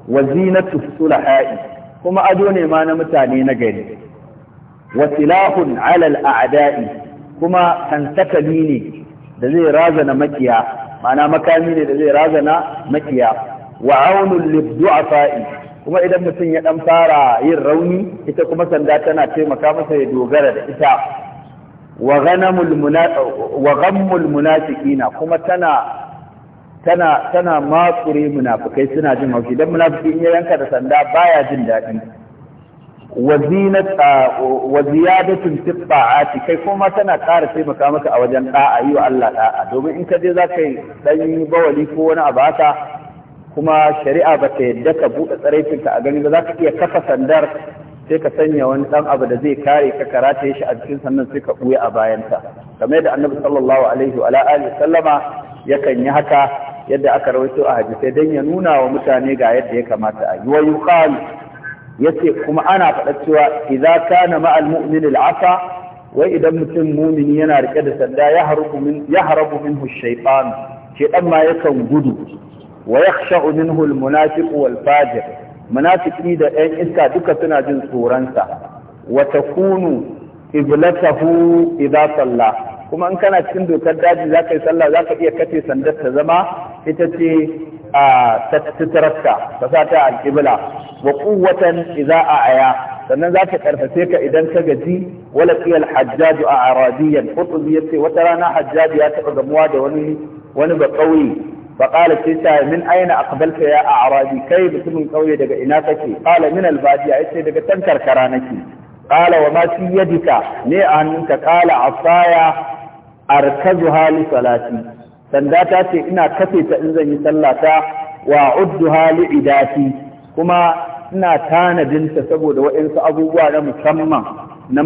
wazinatu sulahai kuma ado ne ma na mutane na gari wa silahun alal a'da'i kuma tantakali ne da zai razana makiya ma'ana makami ne da zai razana makiya wa aunul lidu'afa'i kuma idan mutum ya dan fara yin rauni ita kuma sanda tana taimaka masa ya dogara da ita wa ghanamul wa ghammul munafiqina kuma tana tana tana makure munafikai suna jin haushi dan munafiki in ya yanka da sanda baya jin daɗi wa ziyadatin fi ta'ati kai kuma tana ƙara taimaka maka a wajen da'a yi wa Allah da'a domin in ka je za ka yi dan bawali ko wani abu haka kuma shari'a ba ta yadda ka buɗe tsaraitin ka a gani ba za ka iya kafa sandar sai ka sanya wani dan abu da zai kare ka karata shi a cikin sannan sai ka buya a bayanta kamar yadda annabi sallallahu alaihi wa alihi sallama yakan yi haka yadda aka rawaito a hadisai dan ya nuna wa mutane ga yadda ya kamata a yi wa yuqalu yace kuma ana faɗa cewa idza kana ma'al mu'min al'afa wai idan mutum mumini yana rike da sanda ya harabu min ya harabu minhu shaytan shedan ma yakan gudu wa yakhsha'u minhu al-munafiq wal fajir munafiki da ɗan iska duka suna jin tsoronsa wa takunu iblatahu idza salla kuma in kana cikin dokar daji zaka yi sallah zaka iya kace sandar ta zama ita ce tattararka ka sa ta alƙibla wa quwwatan idza a'ya sannan za ka karfafe ka idan ka gaji wala qiyal hajjaju a aradiyan qutbi yace wata rana hajjaji ya taba gamuwa da wani wani ba kauye fa qala min aina aqbalta ya a a'radi kai mutumin ƙauye daga ina kake qala min albadiya ce daga tan karkara nake qala wa ma fi yadika ne a hannunka qala asaya arkazuha hali salati sanda ta ce ina kafe ta in zan yi sallata wa udduha li idati kuma ina tanadin ta saboda waɗansu abubuwa na musamman na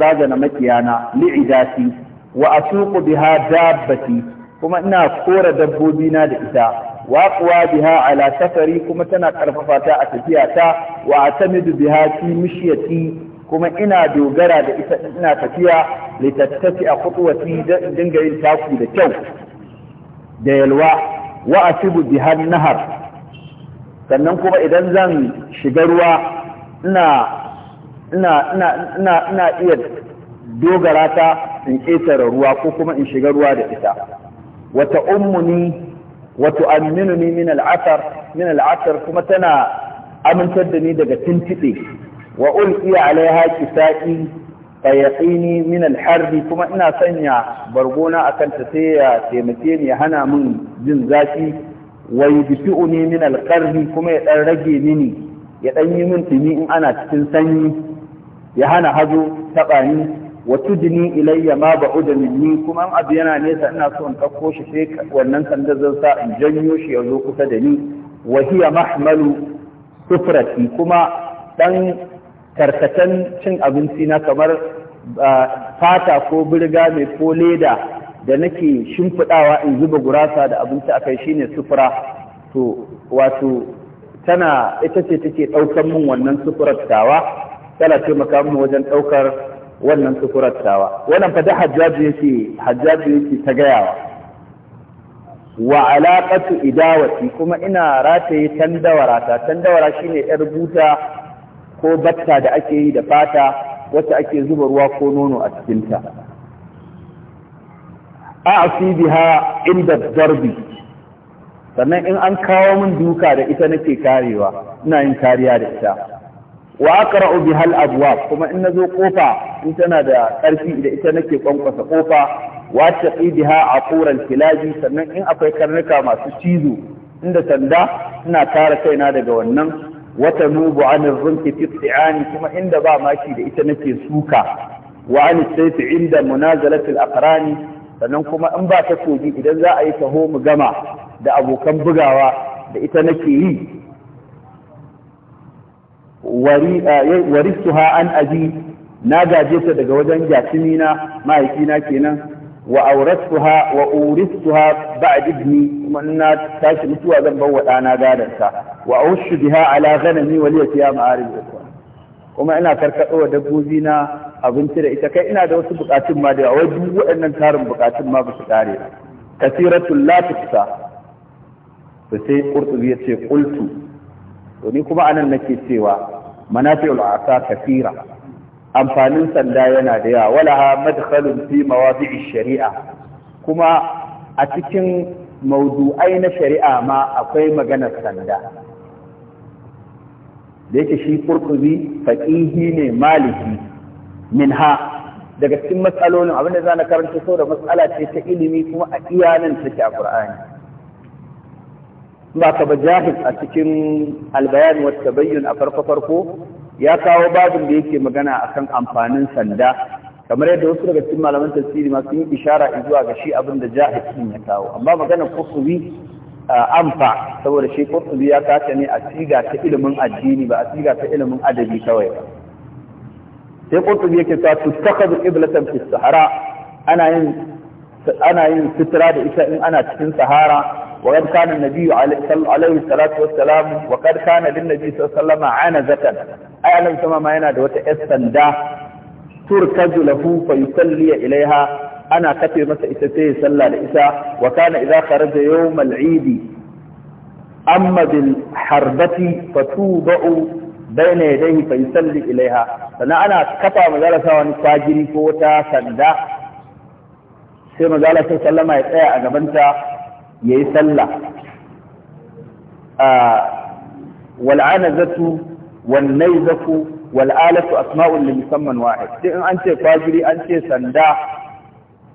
raga na makiyana li idati wa asuqu biha dabbati kuma ina kora dabbobi na da ita wa quwa biha ala safari kuma tana karfafa ta a tafiya ta wa atamidu biha fi mishyati kuma ina dogara da ita ina tafiya litattafi a kutuwati dinga yin taku da kyau da yalwa wa asibu bihan nahar sannan kuma idan zan shiga ruwa ina ina ina ina ina iya dogara ta in ƙetare ruwa ko kuma in shiga ruwa da ita wata ummuni wato aminuni min al'asar min al'asar kuma tana amintar da ni daga tintiɗe wa ulqi alaiha kisaqi fa yaqini min al-harbi kuma ina sanya bargona akan ta sai ya taimake ni ya hana min jin zafi wa yudfi'uni min al kuma ya dan rage mini ya dan yi min tumi in ana cikin sanyi ya hana hazo tabani wa tudni ilayya ma ba'uda minni kuma in abu yana nesa ina so in ɗauko shi sai wannan sandar zan sa in janyo shi ya zo kusa da ni wa hiya mahmalu sufrati kuma dan karkatan cin abinci na kamar fata ko birga mai ko leda da nake shimfiɗawa in zuba gurasa da abinci akai shine sufura to wato tana ita ce take ɗaukar min wannan sufurar tawa tana taimaka min wajen ɗaukar wannan sufurar tawa wannan fa da hajjaji yake hajjaji yake ta gayawa wa alaqatu idawati kuma ina rataye tandawara ta tandawara shine yar buta ko batta da ake yi da fata wacce ake zuba ruwa ko nono a cikinta a'si biha inda darbi sannan in an kawo min duka da ita nake karewa ina yin kariya da ita wa aqra'u biha al kuma in nazo kofa in tana da ƙarfi da ita nake kwankwasa kofa wa taqi biha aqur al sannan in akwai karnuka masu cizo inda sanda ina kare kaina daga wannan wata nubu an rinki tis'ani kuma inda ba maki da ita nake suka wa an sayfi inda munazalatil aqrani sannan kuma in ba ta kogi idan za a yi taho mu gama da abokan bugawa da ita nake yi Wari warisuha an aji? na gaje ta daga wajen jatimina mahaifina kenan wa auratuha wa uristuha ba'd kuma ina tashi mutuwa zan bar wa dana gadan ta wa aushu biha ala ghanami wa liya fiha ma'arib kuma ina karkado wa dabbobi na abinci da ita kai ina da wasu bukatun ma da wai duk waɗannan tarin bukatun ma ba su kare ba kasiratul la tuqsa to sai qurtubi yace qultu to ni kuma anan nake cewa manafi'ul asa kasira amfanin sanda yana da yawa Wala walaha madkhalun fi mawadi'i shari'a kuma a cikin maudu'ai na shari'a ma akwai magana sanda da yake shi kurkuzi faƙihi ne maliki minha daga cikin matsalolin abinda za na karanta sau da matsala ce ta ilimi kuma a iyanan take a ƙur'ani ba ka ba jahil a cikin albayan wa bayyana a farko-farko ya kawo babin da yake magana akan amfanin sanda kamar yadda wasu daga cikin malaman tafsiri masu yin yi ishara zuwa ga shi abin da jahisin ya kawo amma magana a amfa saboda shi kusubi ya kace ne a siga ta ilimin addini ba a siga ta ilimin adabi kawai ba sai kusubi yake ta tuttakhadhu iblatan fi sahara ana yin ana yin fitra da ita in ana cikin sahara وقد كان النبي عليه الصلاه والسلام وقد كان للنبي صلى الله عليه وسلم عنزه اي ان كما ما ينا ده wata sanda turkaju lahu fa yusalli ilayha ana kafe masa ita sai sallah da isa wa kana idza kharaja yawm al-eid amma bil harbati fatubu baina yadayhi fa yusalli ilayha sana ana kafa majalasa wani fajiri ko ta sanda sai majalasa sallama ya tsaya a gabanta. ya yi sallah ah, wal'anazatu wannaizatu wal'alatu asma'un li musamman wahid duk in an ce fajiri an ce sanda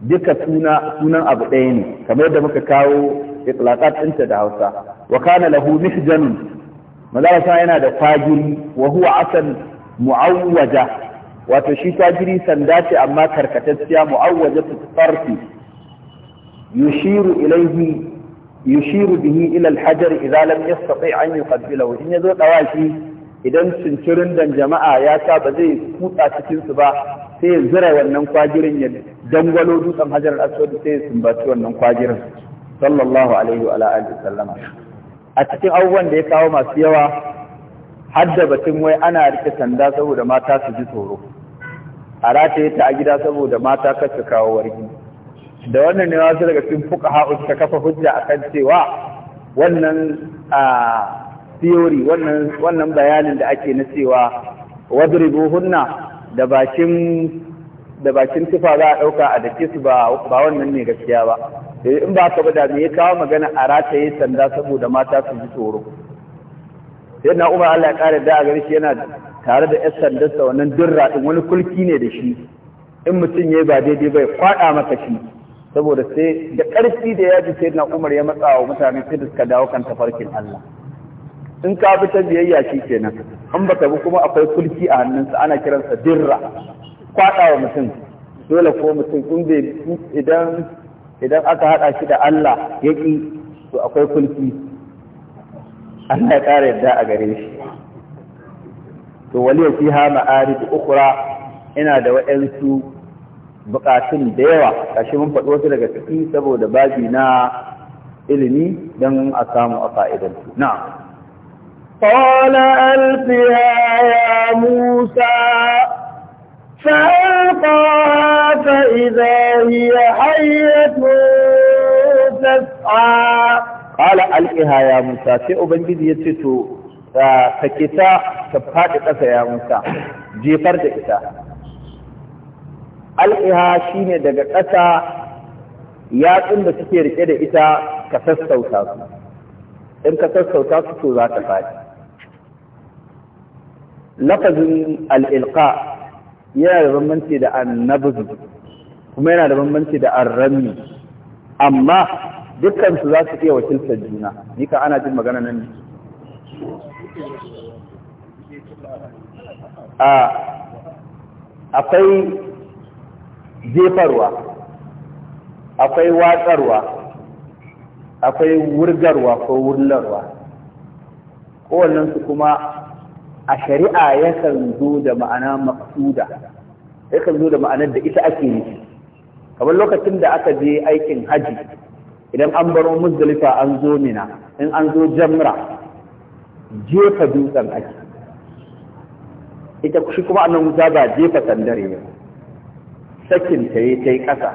duka sunan abu ɗaya ne kamar yadda muka kawo itlaqat ɗinta da Hausa wa kana lahu mihjanun maza yana da fajiri wa huwa asan mu'awwaja wato shi fajiri sanda ce amma karkatacciya mu'awwaja farfi yushiru ilaihi yushiru bihi ila al-hajar idza lam yastati an yuqabbilahu in yazo dawashi idan cincirin jama'a ya sa ba zai kutsa cikin ba sai ya wannan kwajirin ya dangwalo dutsen hajar al-aswad sai ya sumbaci wannan kwajirin sallallahu alaihi wa alihi sallama a cikin abubuwan da ya kawo masu yawa hadda batun wai ana rike sanda saboda mata su ji tsoro a rataye ta a gida saboda mata kar su kawo wargi da wannan ne wasu daga cikin fuka ha'u ta kafa hujja akan cewa wannan a theory wannan wannan bayanin da ake na cewa wadribuhunna da bakin da bakin tufa za a ɗauka a dake su ba wannan ne gaskiya ba eh, in ba ka da me ya kawo magana a rataye sanda saboda mata su ji tsoro sai na umar Allah ya kare da a gari shi yana tare da 'yan sandarsa wannan dirra din wani kulki ne da shi in mutum ya yi ba daidai bai kwaɗa maka shi saboda sai da ƙarfi da ya yaji sai na umar ya matsa wa mutane sai da suka dawo kan tafarkin Allah in ka bi ta biyayya shi kenan an baka bi kuma akwai kulki a hannunsa ana kiransa dirra kwaɗa wa mutum dole ko mutum in bai idan aka haɗa shi da Allah ya ƙi to akwai kulki Allah ya ƙara yadda a gare shi to wali ya waliya fiha ma'arif ukura ina da wayansu buƙatun da yawa ƙashi mun faɗo su daga ciki saboda babi na ilimi don a samu a fa’idansu. Na, ƙola alfiya ya Musa, ƙarfa haka iza hiya hayyato tasa. Ƙola alfiya ya Musa, sai Ubangiji ya ce to, ah, ta kita ta faɗi ƙasa ya Musa, jefar da ita. alƙiha ne daga ƙasa yatsun da suke rike da ita ka sassauta su in ka sassauta su to za ta faɗi lafazin al'ilka yana da bambanci da annabuzu kuma yana da bambanci da arrami amma dukkansu za su iya wakiltar juna ni ka ana jin magana nan a akwai jefarwa akwai watsarwa akwai wurgarwa ko wurlarwa su kuma a shari'a yakan zo da ma'ana maksuda yakan zo da ma'anar da ita ake yi kamar lokacin da aka je aikin haji idan an baro muzdalifa an zo mina in an zo jamra jefa dutsen ake ita shi kuma annan wuta ba jefa sandare ne sakin ta yi ta yi ƙasa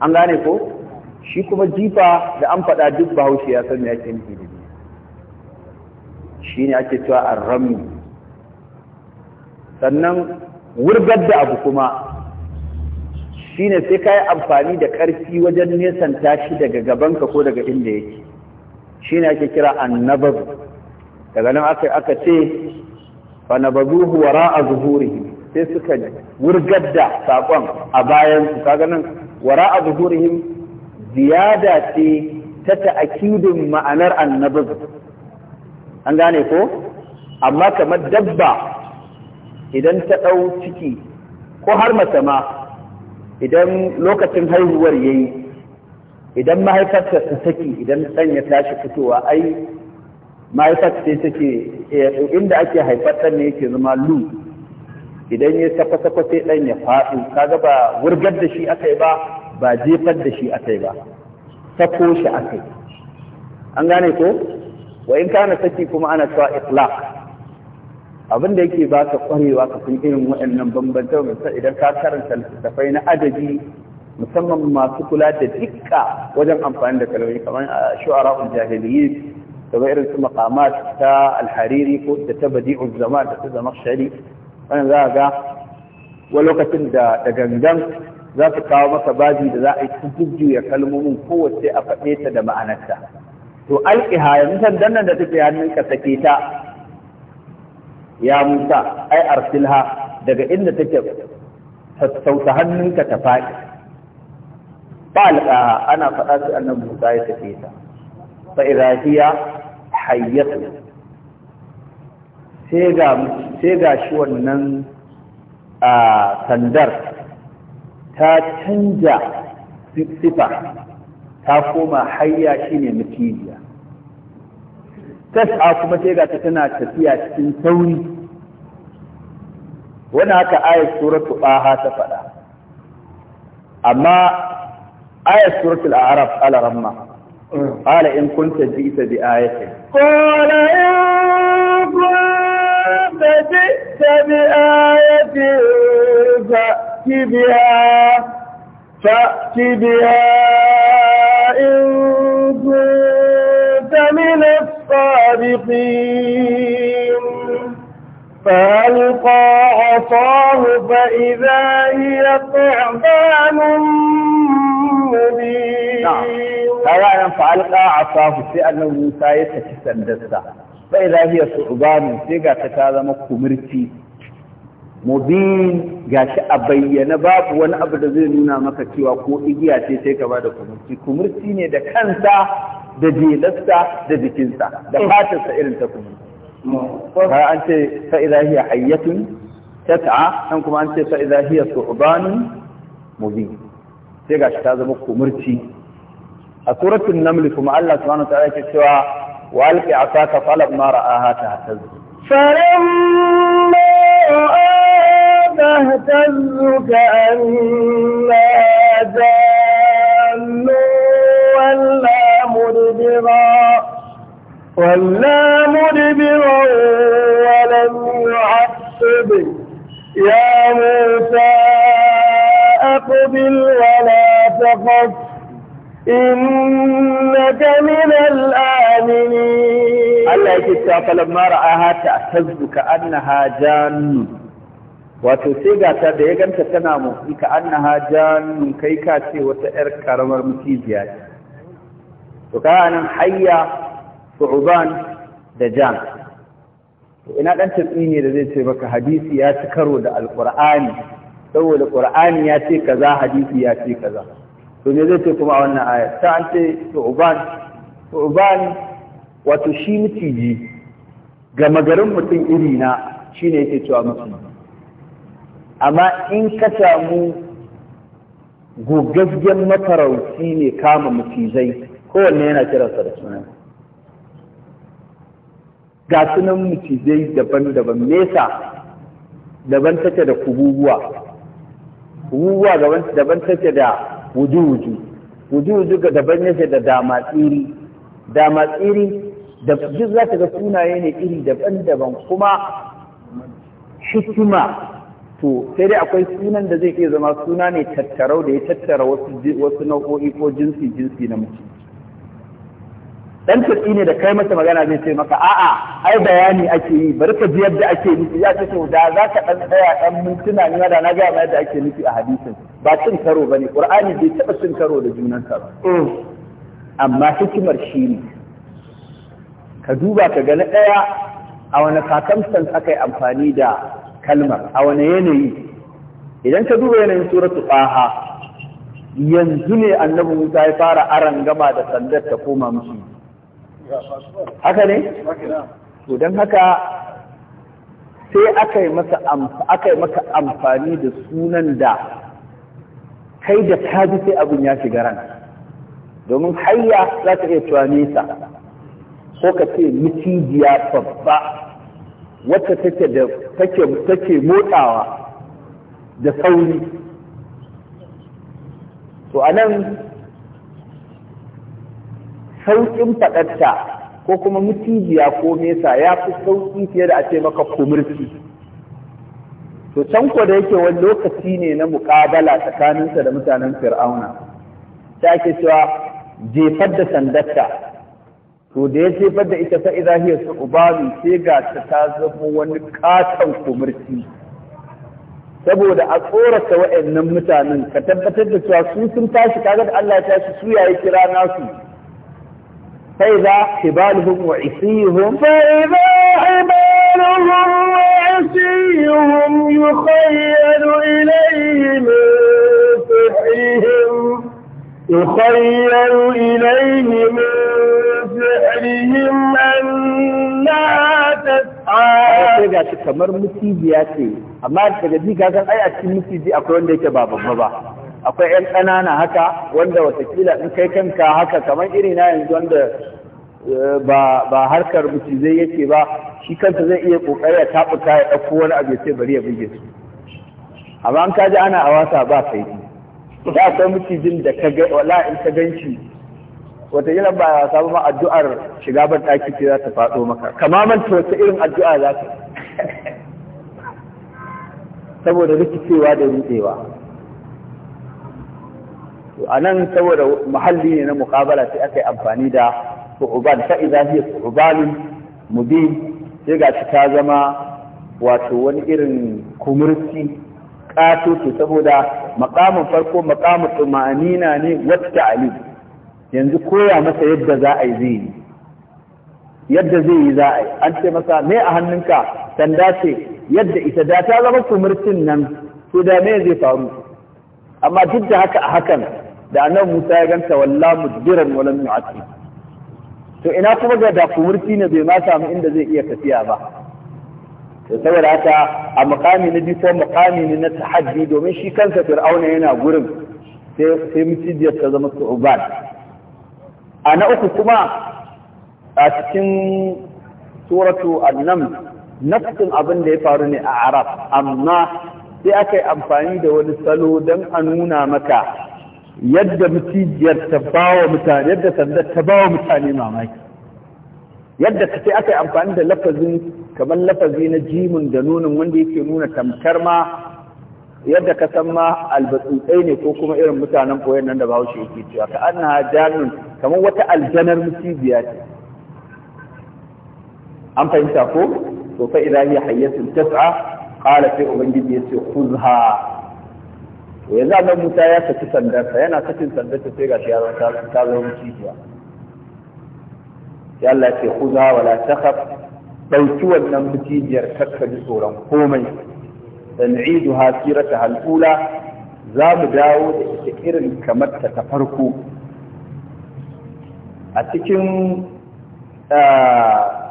an gane ko shi kuma jifa da an faɗa duk bahaushe ya san yakin ake shi ne ake cewa rami sannan wurgar da abu kuma shi ne sai ka yi amfani da ƙarfi wajen nesanta shi daga gabanka ko daga inda yake shi ne ake kira nababu daga nan aka ce nababu wara a zuhurihim sai suka wurgar da sakon a bayan su kaga nan wara a zuhurihim ziyada ce ta ta'akidin ma'anar annabin an gane ko amma kamar dabba idan ta ɗau ciki ko har mace ma idan lokacin haihuwar yayi idan mahaifarta ta saki idan ɗan ya tashi fitowa ai mahaifar sai take eh, inda ake haifar ɗan ne yake zama lu idan ya sakwa-sakwa sai ɗan ya faɗi kaga ba wurgar da shi aka ba ba jefar da shi aka ba sako shi aka an gane ko wa in kana saki kuma ana cewa itlaq abin da yake baka kwarewa ka kun irin waɗannan bambantar musamman idan ka karanta littattafai na adabi musamman masu kula da dukka wajen amfani da kalmomi kamar ah, shu'ara'ul jahiliyyin kamar irin su maqamat ta alhariri ko da ta badi'u zama da ta zama shari'a wannan za ga wa lokacin da da gangan za su kawo maka baji da za a yi ta jujjuya kalmomin kowace a faɗe ta da ma'anarta to alƙiha yanzu sandan nan da take hannunka sake ta ya musa ai arsilha daga inda take sassauta hannunka ta faɗi falqa ana faɗa su annabi musa ya sake ta fa idza hayyatu sai ga sai ga shi wannan a sandar ta canja sifa ta koma hayya shine mutiliya tas'a kuma sai ga ta tana tafiya cikin sauri wani haka ayat suratu baha ta faɗa amma ayat suratul a'rab ala ramma mm. in kunta ji'ta bi ayatin qala جئت بآية فأت بها فأت بها إن كنت من الصادقين فألقى عصاه فإذا هي طعبان مبين نعم فألقى عصاه في أنه موسى يتكسر bai zahiya su ubanu sai ga ta zama kumurci mubin gashi a bayyana babu wani abu da zai nuna maka cewa ko igiya ce sai ka bada kumurci kumurci ne da kansa da jelarsa da jikinsa da fatarsa irin ta kumurci ba an ce fa'iza hiya hayyatun tas'a nan kuma an ce fa'iza hiya su'banun mubin sai gashi ta zama kumurci a suratul naml kuma Allah subhanahu wa ta'ala yake cewa وألق عصاك فلما رآها تهتز فلما رآها تهتز كأنها جان ولا مدبرا ولا مدبرا ولم يعصب يا موسى أقبل ولا تخف إنك من الآمنين الله ra'aha ta رآها تأتز كأنها جان wato sai ga ta da ya ganta tana motsi ka annaha jan kai ka ce wata yar karamar mutijiya ce to ka nan hayya su'uban da jan to ina dan tafi ne da zai ce maka hadisi ya ci karo da alqur'ani saboda qur'ani ya ce kaza hadisi ya ce kaza to me zai ce kuma a wannan ayar ta an ce tu'ban tu'ban wato shi mutiji ga magarin mutum iri na shine yake cewa mutum amma in ka samu gogaggen mafarauci ne kama mutizai kowanne yana kiransa da sunan ga sunan mutizai daban-daban nesa daban take da kububuwa kububuwa daban take da wujuju wujuju ga daban yake da dama tsiri dama tsiri da duk za ta ga sunaye ne iri daban-daban kuma hikima to sai dai akwai sunan da zai iya zama suna ne tattarau da ya tattara wasu nau'o'i ko jinsi jinsi na mutum dan tafi ne da kai masa magana zai ce maka a'a ai bayani ake yi bari ka ji yadda ake nufi ya ce to da za ka dan tsaya dan mintuna ne da na ga yadda ake nufi a hadisin ba cin karo bane qur'ani bai taba cin karo da junan ka ba mm. amma hikimar shi ne ka duba ka ga na daya a wani kakamstan aka yi amfani da kalmar a wani yanayi idan ka duba yanayin suratul qaha yanzu ne annabi Musa ya fara aron gama da sandar ta koma musu haka ne to don haka sai aka yi maka amfani da sunan da kai da ta ji sai abin ya shiga ran domin hayya za ta iya cewa nesa ko ka ce mutijiya babba wata take da take motsawa da sauri to anan sauƙin faɗarta ko kuma mutijiya ko mesa ya fi sauƙi fiye da a ce maka kumurci to can ko da yake wani lokaci ne na muƙabala tsakaninsa da mutanen fir'auna ta ake cewa jefar da sandarta to da ya jefar da ita fa idza su ubami sai ga ta ta zama wani ƙaton kumurci saboda a tsorata wa'annan mutanen ka tabbatar da cewa su sun tashi kaga da Allah ya tashi su yi kira nasu فإذا حبالهم وعصيهم فإذا حبالهم وعصيهم يخيل إليه من سحرهم يخيل إليه من سحرهم أنها تسعى sai ga shi kamar mutijiya ce amma daga ji kasan ai a cikin mutiji akwai wanda yake ba babba ba akwai 'yan ƙanana haka wanda watakila in kai kanka haka kamar iri na yanzu wanda eh, ba harkar mutu zai yake ba shi kanta zai iya ƙoƙari ya taɓa ya ɗauko wani abu ya ce bari ya buge su amma an kaji ana a wasa ba kai da akwai jin da ka ga wala in ka gan shi wataƙila ba ya samu ma addu'ar shiga ban ɗaki ce za ta faɗo maka kama manta wata irin addu'a za ta saboda rikicewa da rutsewa to nan saboda muhalli ne na muqabala sai aka yi amfani da su'uban fa idza hiya su'uban mubin sai ga ta zama wato wani irin kumurci ƙatoto saboda makamin farko makamin tsumanina ne wata ali yanzu koya masa yadda za a yi zai yi yadda zai yi za a yi an ce masa me a hannunka sanda ce yadda ita da ta zama kumurcin nan to da me zai faru amma duk da haka a hakan da nan Musa ya ganta walla mudbiran wa yu'aqib to ina kuma ga da kumurci ne bai ma samu inda zai iya tafiya ba to saboda haka a makami na biyu makami ne na tahaddi domin shi kansa fir'auna yana gurin sai sai mucijiyar ta zama su'uban a na uku kuma a cikin suratu annam nafsin abin da ya faru ne a arab amma sai aka yi amfani da wani salo don a nuna maka yadda mucijiyar ta bawa mutane yadda sanda ta bawa mutane mamaki yadda ka ce aka yi amfani da lafazin kamar lafazi na jimin da nunin wanda yake nuna tamkar ma yadda ka san ma albatsutsai ne ko kuma irin mutanen koyon nan da bahaushe yake cewa ka an na janun kamar wata aljanar musibiya ce an fahimta ko to fa idan ya hayyatin tas'a qala sai ubangiji yace khuzha yanzu annabi Musa ya saki sandarsa yana sakin sandarsa sai gashi ya zama ta zama cikiya sai Allah ce khuza wala takhaf dauki wannan mutijiyar kakka ji tsoron komai san'idu hasirata halula za mu dawo da ita irin kamar ta ta farko a cikin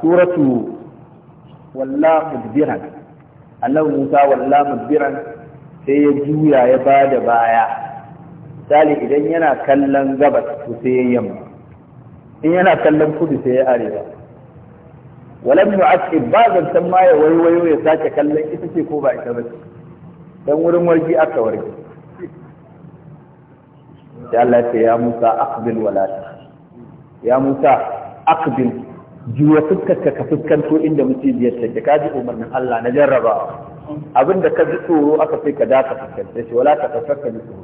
suratu walla mudbiran annabi Musa walla mudbiran sai ya juya ya ba da baya misali idan yana kallon gabas to sai ya yamma in yana kallon kudu sai ya arewa walam aske ba san ma ya waiwayo ya sake kallon ita ce ko ba ita ba dan wurin wargi aka wargi sai Allah ya ya Musa aqbil wala ya Musa aqbil juwa fuskarka ka fuskanto inda mutum ya take kaji umarnin Allah na jarrabawa abin da ka ji tsoro aka fi ka dakata fuskanta shi wala ka tafakka ni tsoro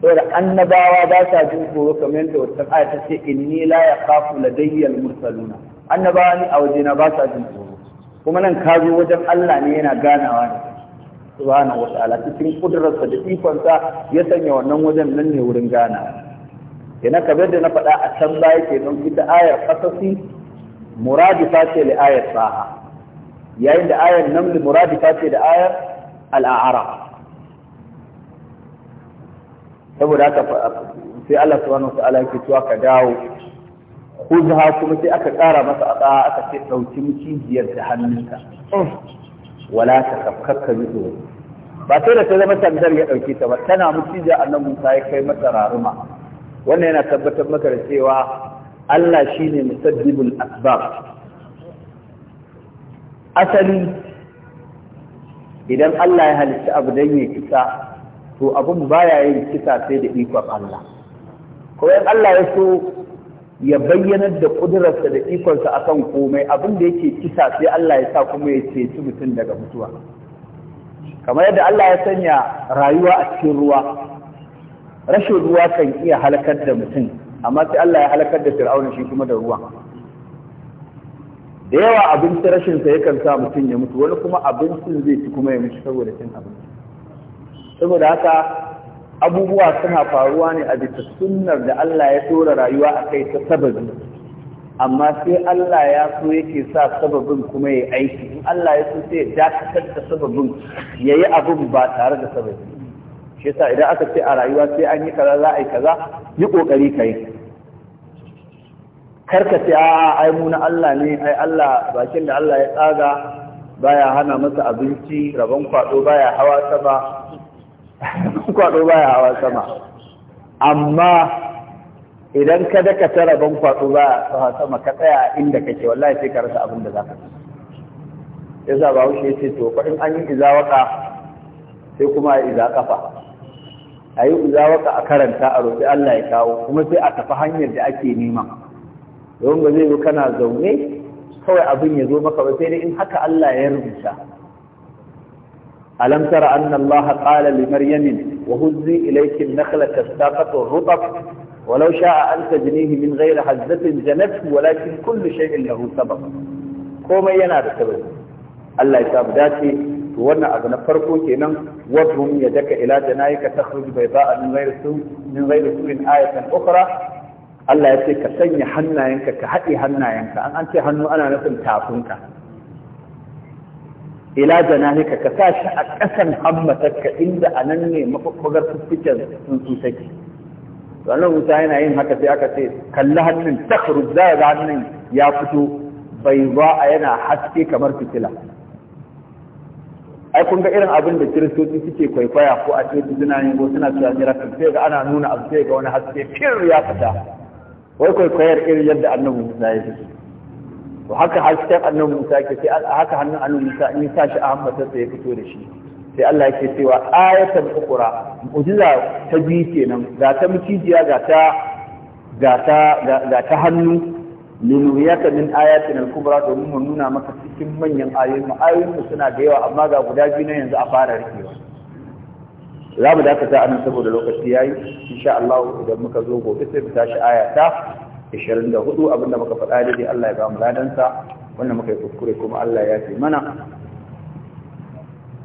saboda annabawa ba sa jin tsoro kamar yadda wata aya ta ce inni la yaqafu ladayyal mursaluna annabawa ni a wajena ba sa jin tsoro kuma nan ka zo wajen Allah ne yana ganawa da wa ta'ala cikin kudurarsa da ikonsa ya sanya wannan wajen nan ne wurin gana Ina kamar da na faɗa a can baya kenan ita ayar qasasi fa ce li ayat saha yayin da ayar naml muradifa ce da ayar al'a'ara saboda haka sai Allah subhanahu wata'ala yake cewa ka dawo khudha kuma sai aka ƙara masa a ɗaya aka ce ɗauki mucijiyar da hannunka wala ta kafkakka zuwa ba sai da sai zama sandar ya ɗauke ta ba tana mucijiyar annan musa ya kai masa raruma wannan yana tabbatar maka da cewa Allah shine musaddibul asbab asali idan Allah ya halitta abu don ya kisa to abun baya yin kisa sai da ikon Allah ko in Allah ya so ya bayyanar da kudurarsa da ikonsa kan komai abin da yake kisa sai Allah ya sa kuma ya ceci mutum daga mutuwa kamar yadda Allah ya sanya rayuwa a cikin ruwa rashin ruwa kan iya halakar da mutum amma sai Allah ya halakar da fir'aunin shi kuma da ruwa da yawa abinci rashin sa yakan sa mutum ya mutu wani kuma abincin zai ci kuma ya mutu saboda cin abinci saboda haka abubuwa suna faruwa ne a bisa sunnar da Allah ya tsora rayuwa a kai ta sababi amma sai Allah ya so yake sa sababin kuma ya aiki in Allah ya so sai ya dakatar da sababin ya yi abin ba tare da sababi shi yasa idan aka ce a rayuwa sai an yi kaza za a yi kaza yi ƙoƙari ka yi karka ce a ai mu na Allah ne ai Allah bakin da Allah ya tsaga baya hana masa abinci rabon kwado baya hawa sama kwado baya hawa sama amma idan ka daka ta rabon kwado baya hawa sama ka tsaya inda kake wallahi sai ka rasa abin da zaka ci yasa ba wuce yace to kwadin an yi izawaka sai kuma a iza kafa a yi izawaka a karanta a roƙi Allah ya kawo kuma sai a tafi hanyar da ake nema don ba zai yi kana zaune kawai abin ya zo maka ba sai dai in haka Allah ya rubuta alam tara anna allaha qala li maryamin wa huzzi ilayki nakhlata saqata rutab wa law sha'a min ghayri hazzatin janat walakin kullu shay'in lahu sabab komai yana da sabab Allah ya sabu dace to abu na farko kenan wa hum yadaka ila janayika takhruj bayda'a min ghayri min ghayri sun ayatan ukhra Allah ya ce ka sanya hannayenka ka haɗe hannayenka an ce hannu ana nufin tafinka ila janahika ka sa shi a ƙasan hammatarka inda a nan ne mafakkwagar fuffuken tsuntsu take wannan wuta yana yin haka sai aka ce kalli hannun takru za ga hannun ya fito bai ba a yana haske kamar fitila ai kun ga irin abin da kiristoci suke kwaikwaya ko a ce suna yin ko suna cewa miracle sai ga ana nuna abu sai ga wani haske fir ya fita wai kwaikwayar irin yadda annabi Musa ya fito to haka hasken annabi Musa ke sai haka hannun annabi Musa in sa shi a sai ya fito da shi sai Allah yake cewa ayatan ukura mu'jiza ta biyu kenan ga ta mucijiya ga ta ga ta ga ta hannu linuriyaka min ayatin al-kubra domin mu nuna maka cikin manyan ayoyi, mu ayoyin mu suna da yawa amma ga guda biyu na yanzu a fara rikewa za mu dakata nan saboda lokaci yayi insha Allah idan muka zo gobe sai mu tashi aya ta 24 abinda muka faɗa dai Allah ya ba mu ladansa wannan muka yi kuskure kuma Allah ya fi mana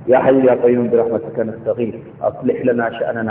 يا حي يا قيوم برحمتك نستغيث أصلح lana شأننا